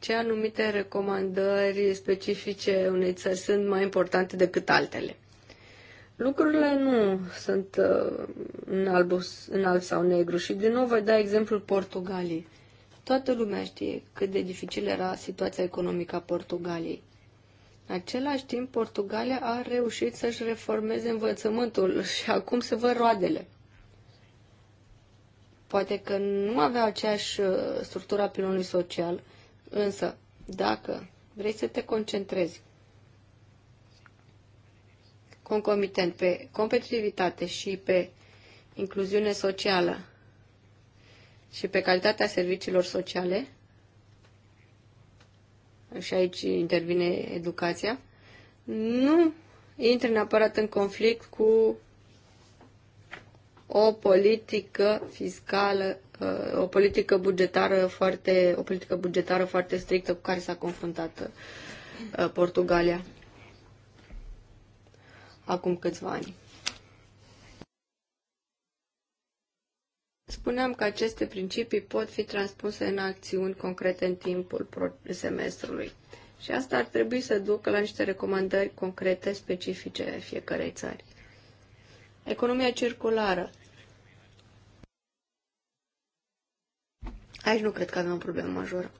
ce anumite recomandări specifice unei țări sunt mai importante decât altele. Lucrurile nu sunt uh, în, alb, în alb sau negru și din nou voi da exemplul Portugaliei. Toată lumea știe cât de dificil era situația economică a Portugaliei. În același timp, Portugalia a reușit să-și reformeze învățământul și acum se văd roadele. Poate că nu avea aceeași uh, structura pilonului social, însă dacă vrei să te concentrezi concomitent pe competitivitate și pe incluziune socială și pe calitatea serviciilor sociale, și aici intervine educația, nu intră neapărat în conflict cu o politică fiscală, uh, o politică bugetară foarte, o politică bugetară foarte strictă cu care s-a confruntat uh, Portugalia acum câțiva ani. Spuneam că aceste principii pot fi transpuse în acțiuni concrete în timpul semestrului. Și asta ar trebui să ducă la niște recomandări concrete specifice fiecarei țări. Economia circulară. Aici nu cred că avem o problemă majoră.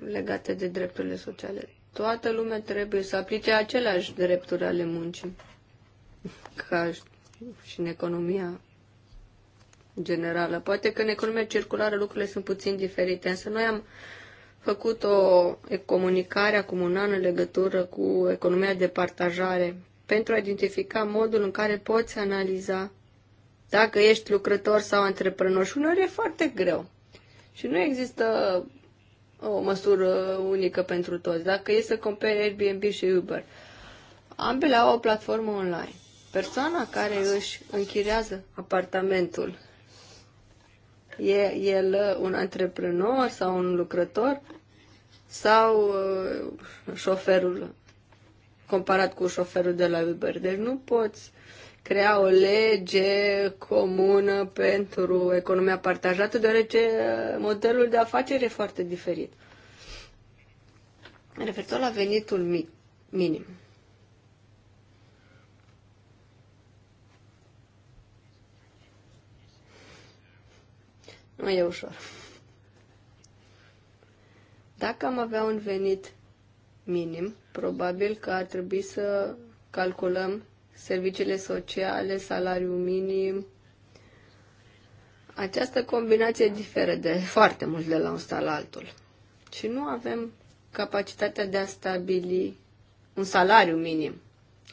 Legate de drepturile sociale. Toată lumea trebuie să aplice aceleași drepturi ale muncii ca și în economia generală. Poate că în economia circulară lucrurile sunt puțin diferite, însă noi am făcut o comunicare acum un an în legătură cu economia de partajare pentru a identifica modul în care poți analiza dacă ești lucrător sau antreprenor și uneori e foarte greu. Și nu există o măsură unică pentru toți. Dacă e să compere Airbnb și Uber, ambele au o platformă online. Persoana care își închirează apartamentul, e el uh, un antreprenor sau un lucrător sau uh, șoferul comparat cu șoferul de la Uber. Deci nu poți crea o lege comună pentru economia partajată, deoarece uh, modelul de afaceri e foarte diferit. Referitor la venitul mic, minim. Nu e ușor. Dacă am avea un venit minim, probabil că ar trebui să calculăm serviciile sociale, salariul minim. Această combinație diferă de foarte mult de la un stat la altul. Și nu avem capacitatea de a stabili un salariu minim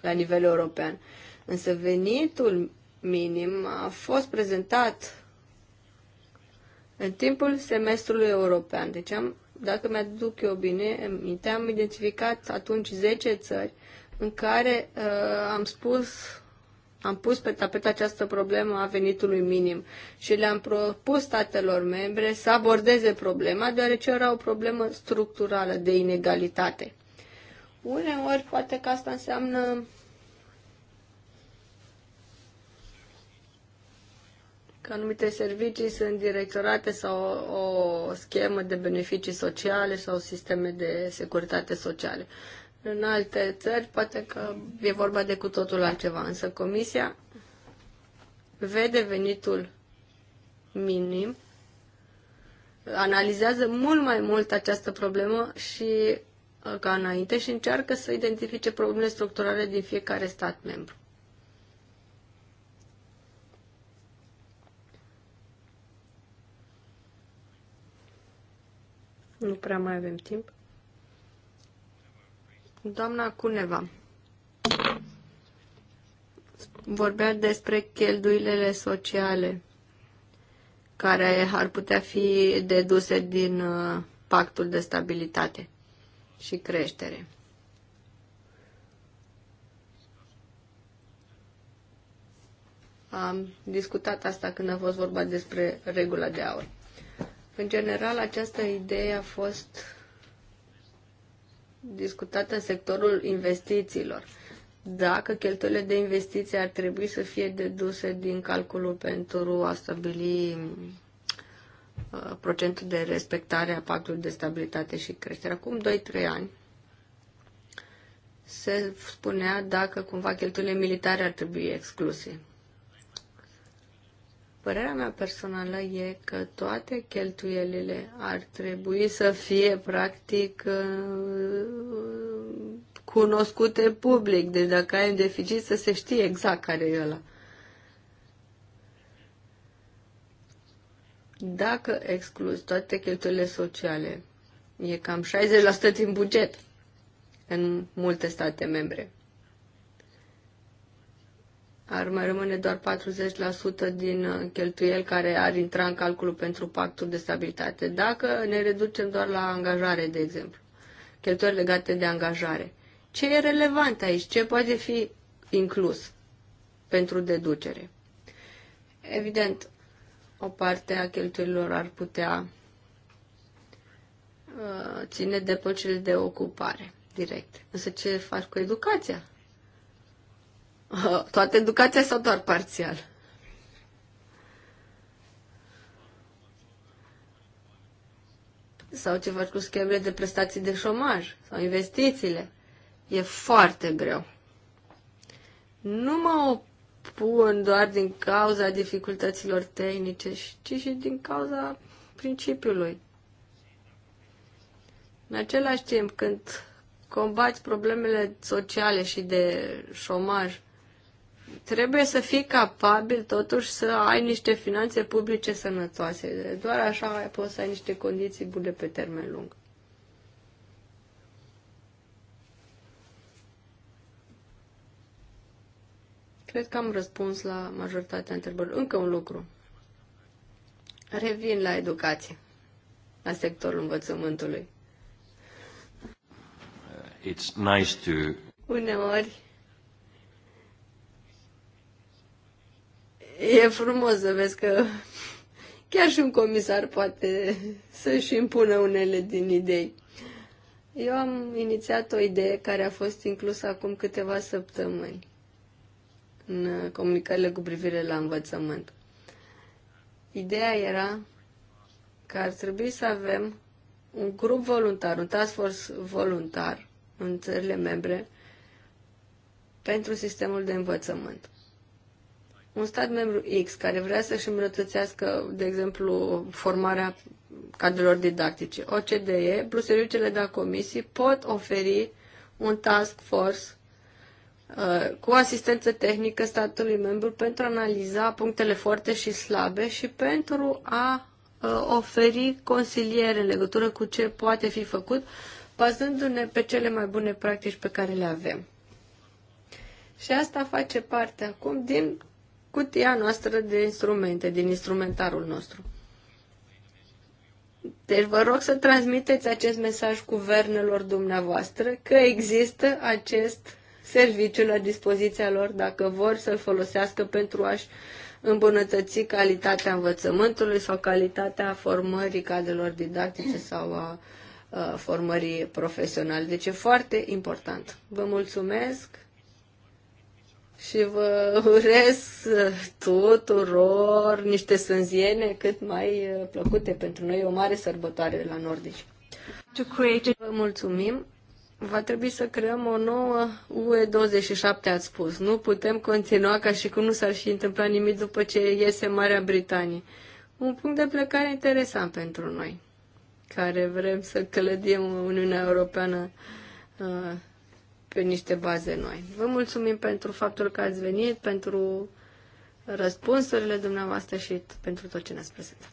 la nivel european. Însă venitul minim a fost prezentat în timpul semestrului european. Deci am, dacă mi-aduc eu bine am identificat atunci 10 țări în care uh, am spus, am pus pe tapet această problemă a venitului minim și le-am propus statelor membre să abordeze problema, deoarece era o problemă structurală de inegalitate. Uneori, poate că asta înseamnă că anumite servicii sunt directorate sau o, o schemă de beneficii sociale sau sisteme de securitate sociale. În alte țări poate că e vorba de cu totul altceva, însă Comisia vede venitul minim, analizează mult mai mult această problemă și uh, ca înainte și încearcă să identifice problemele structurale din fiecare stat membru. Nu prea mai avem timp. Doamna Cuneva vorbea despre cheltuielile sociale care ar putea fi deduse din uh, pactul de stabilitate și creștere. Am discutat asta când a fost vorba despre regula de aur. În general, această idee a fost discutată în sectorul investițiilor. Dacă cheltuielile de investiții ar trebui să fie deduse din calculul pentru a stabili uh, procentul de respectare a pactului de stabilitate și creștere. Acum 2-3 ani se spunea dacă cumva cheltuielile militare ar trebui excluse. Părerea mea personală e că toate cheltuielile ar trebui să fie practic uh, cunoscute public. Deci dacă ai un deficit să se știe exact care e ăla. Dacă excluzi toate cheltuielile sociale, e cam 60% din buget în multe state membre ar mai rămâne doar 40% din uh, cheltuieli care ar intra în calculul pentru pactul de stabilitate. Dacă ne reducem doar la angajare, de exemplu, cheltuieli legate de angajare, ce e relevant aici? Ce poate fi inclus pentru deducere? Evident, o parte a cheltuielilor ar putea uh, ține de plăcile de ocupare direct. Însă ce faci cu educația? toată educația sau doar parțial? Sau ce faci cu schemele de prestații de șomaj sau investițiile? E foarte greu. Nu mă opun doar din cauza dificultăților tehnice, ci și din cauza principiului. În același timp, când combați problemele sociale și de șomaj, trebuie să fii capabil totuși să ai niște finanțe publice sănătoase. Doar așa poți să ai niște condiții bune pe termen lung. Cred că am răspuns la majoritatea întrebărilor. Încă un lucru. Revin la educație, la sectorul învățământului. It's nice to... Uneori E frumos să vezi că chiar și un comisar poate să-și impună unele din idei. Eu am inițiat o idee care a fost inclusă acum câteva săptămâni în comunicările cu privire la învățământ. Ideea era că ar trebui să avem un grup voluntar, un task force voluntar în țările membre pentru sistemul de învățământ un stat membru X care vrea să-și îmbrătățească, de exemplu, formarea cadrelor didactice, OCDE, plus serviciile de la comisii, pot oferi un task force uh, cu asistență tehnică statului membru pentru a analiza punctele forte și slabe și pentru a uh, oferi consiliere în legătură cu ce poate fi făcut, bazându-ne pe cele mai bune practici pe care le avem. Și asta face parte acum din cutia noastră de instrumente, din instrumentarul nostru. Deci vă rog să transmiteți acest mesaj guvernelor dumneavoastră că există acest serviciu la dispoziția lor dacă vor să-l folosească pentru a-și îmbunătăți calitatea învățământului sau calitatea formării cadrelor didactice sau a, a formării profesionale. Deci e foarte important. Vă mulțumesc și vă urez tuturor niște sânziene cât mai uh, plăcute pentru noi, o mare sărbătoare la Nordici. Vă mulțumim! Va trebui să creăm o nouă UE27, ați spus. Nu putem continua ca și cum nu s-ar fi întâmplat nimic după ce iese Marea Britanie. Un punct de plecare interesant pentru noi, care vrem să călădim Uniunea Europeană uh, pe niște baze noi. Vă mulțumim pentru faptul că ați venit, pentru răspunsurile dumneavoastră și pentru tot ce ne-ați prezentat.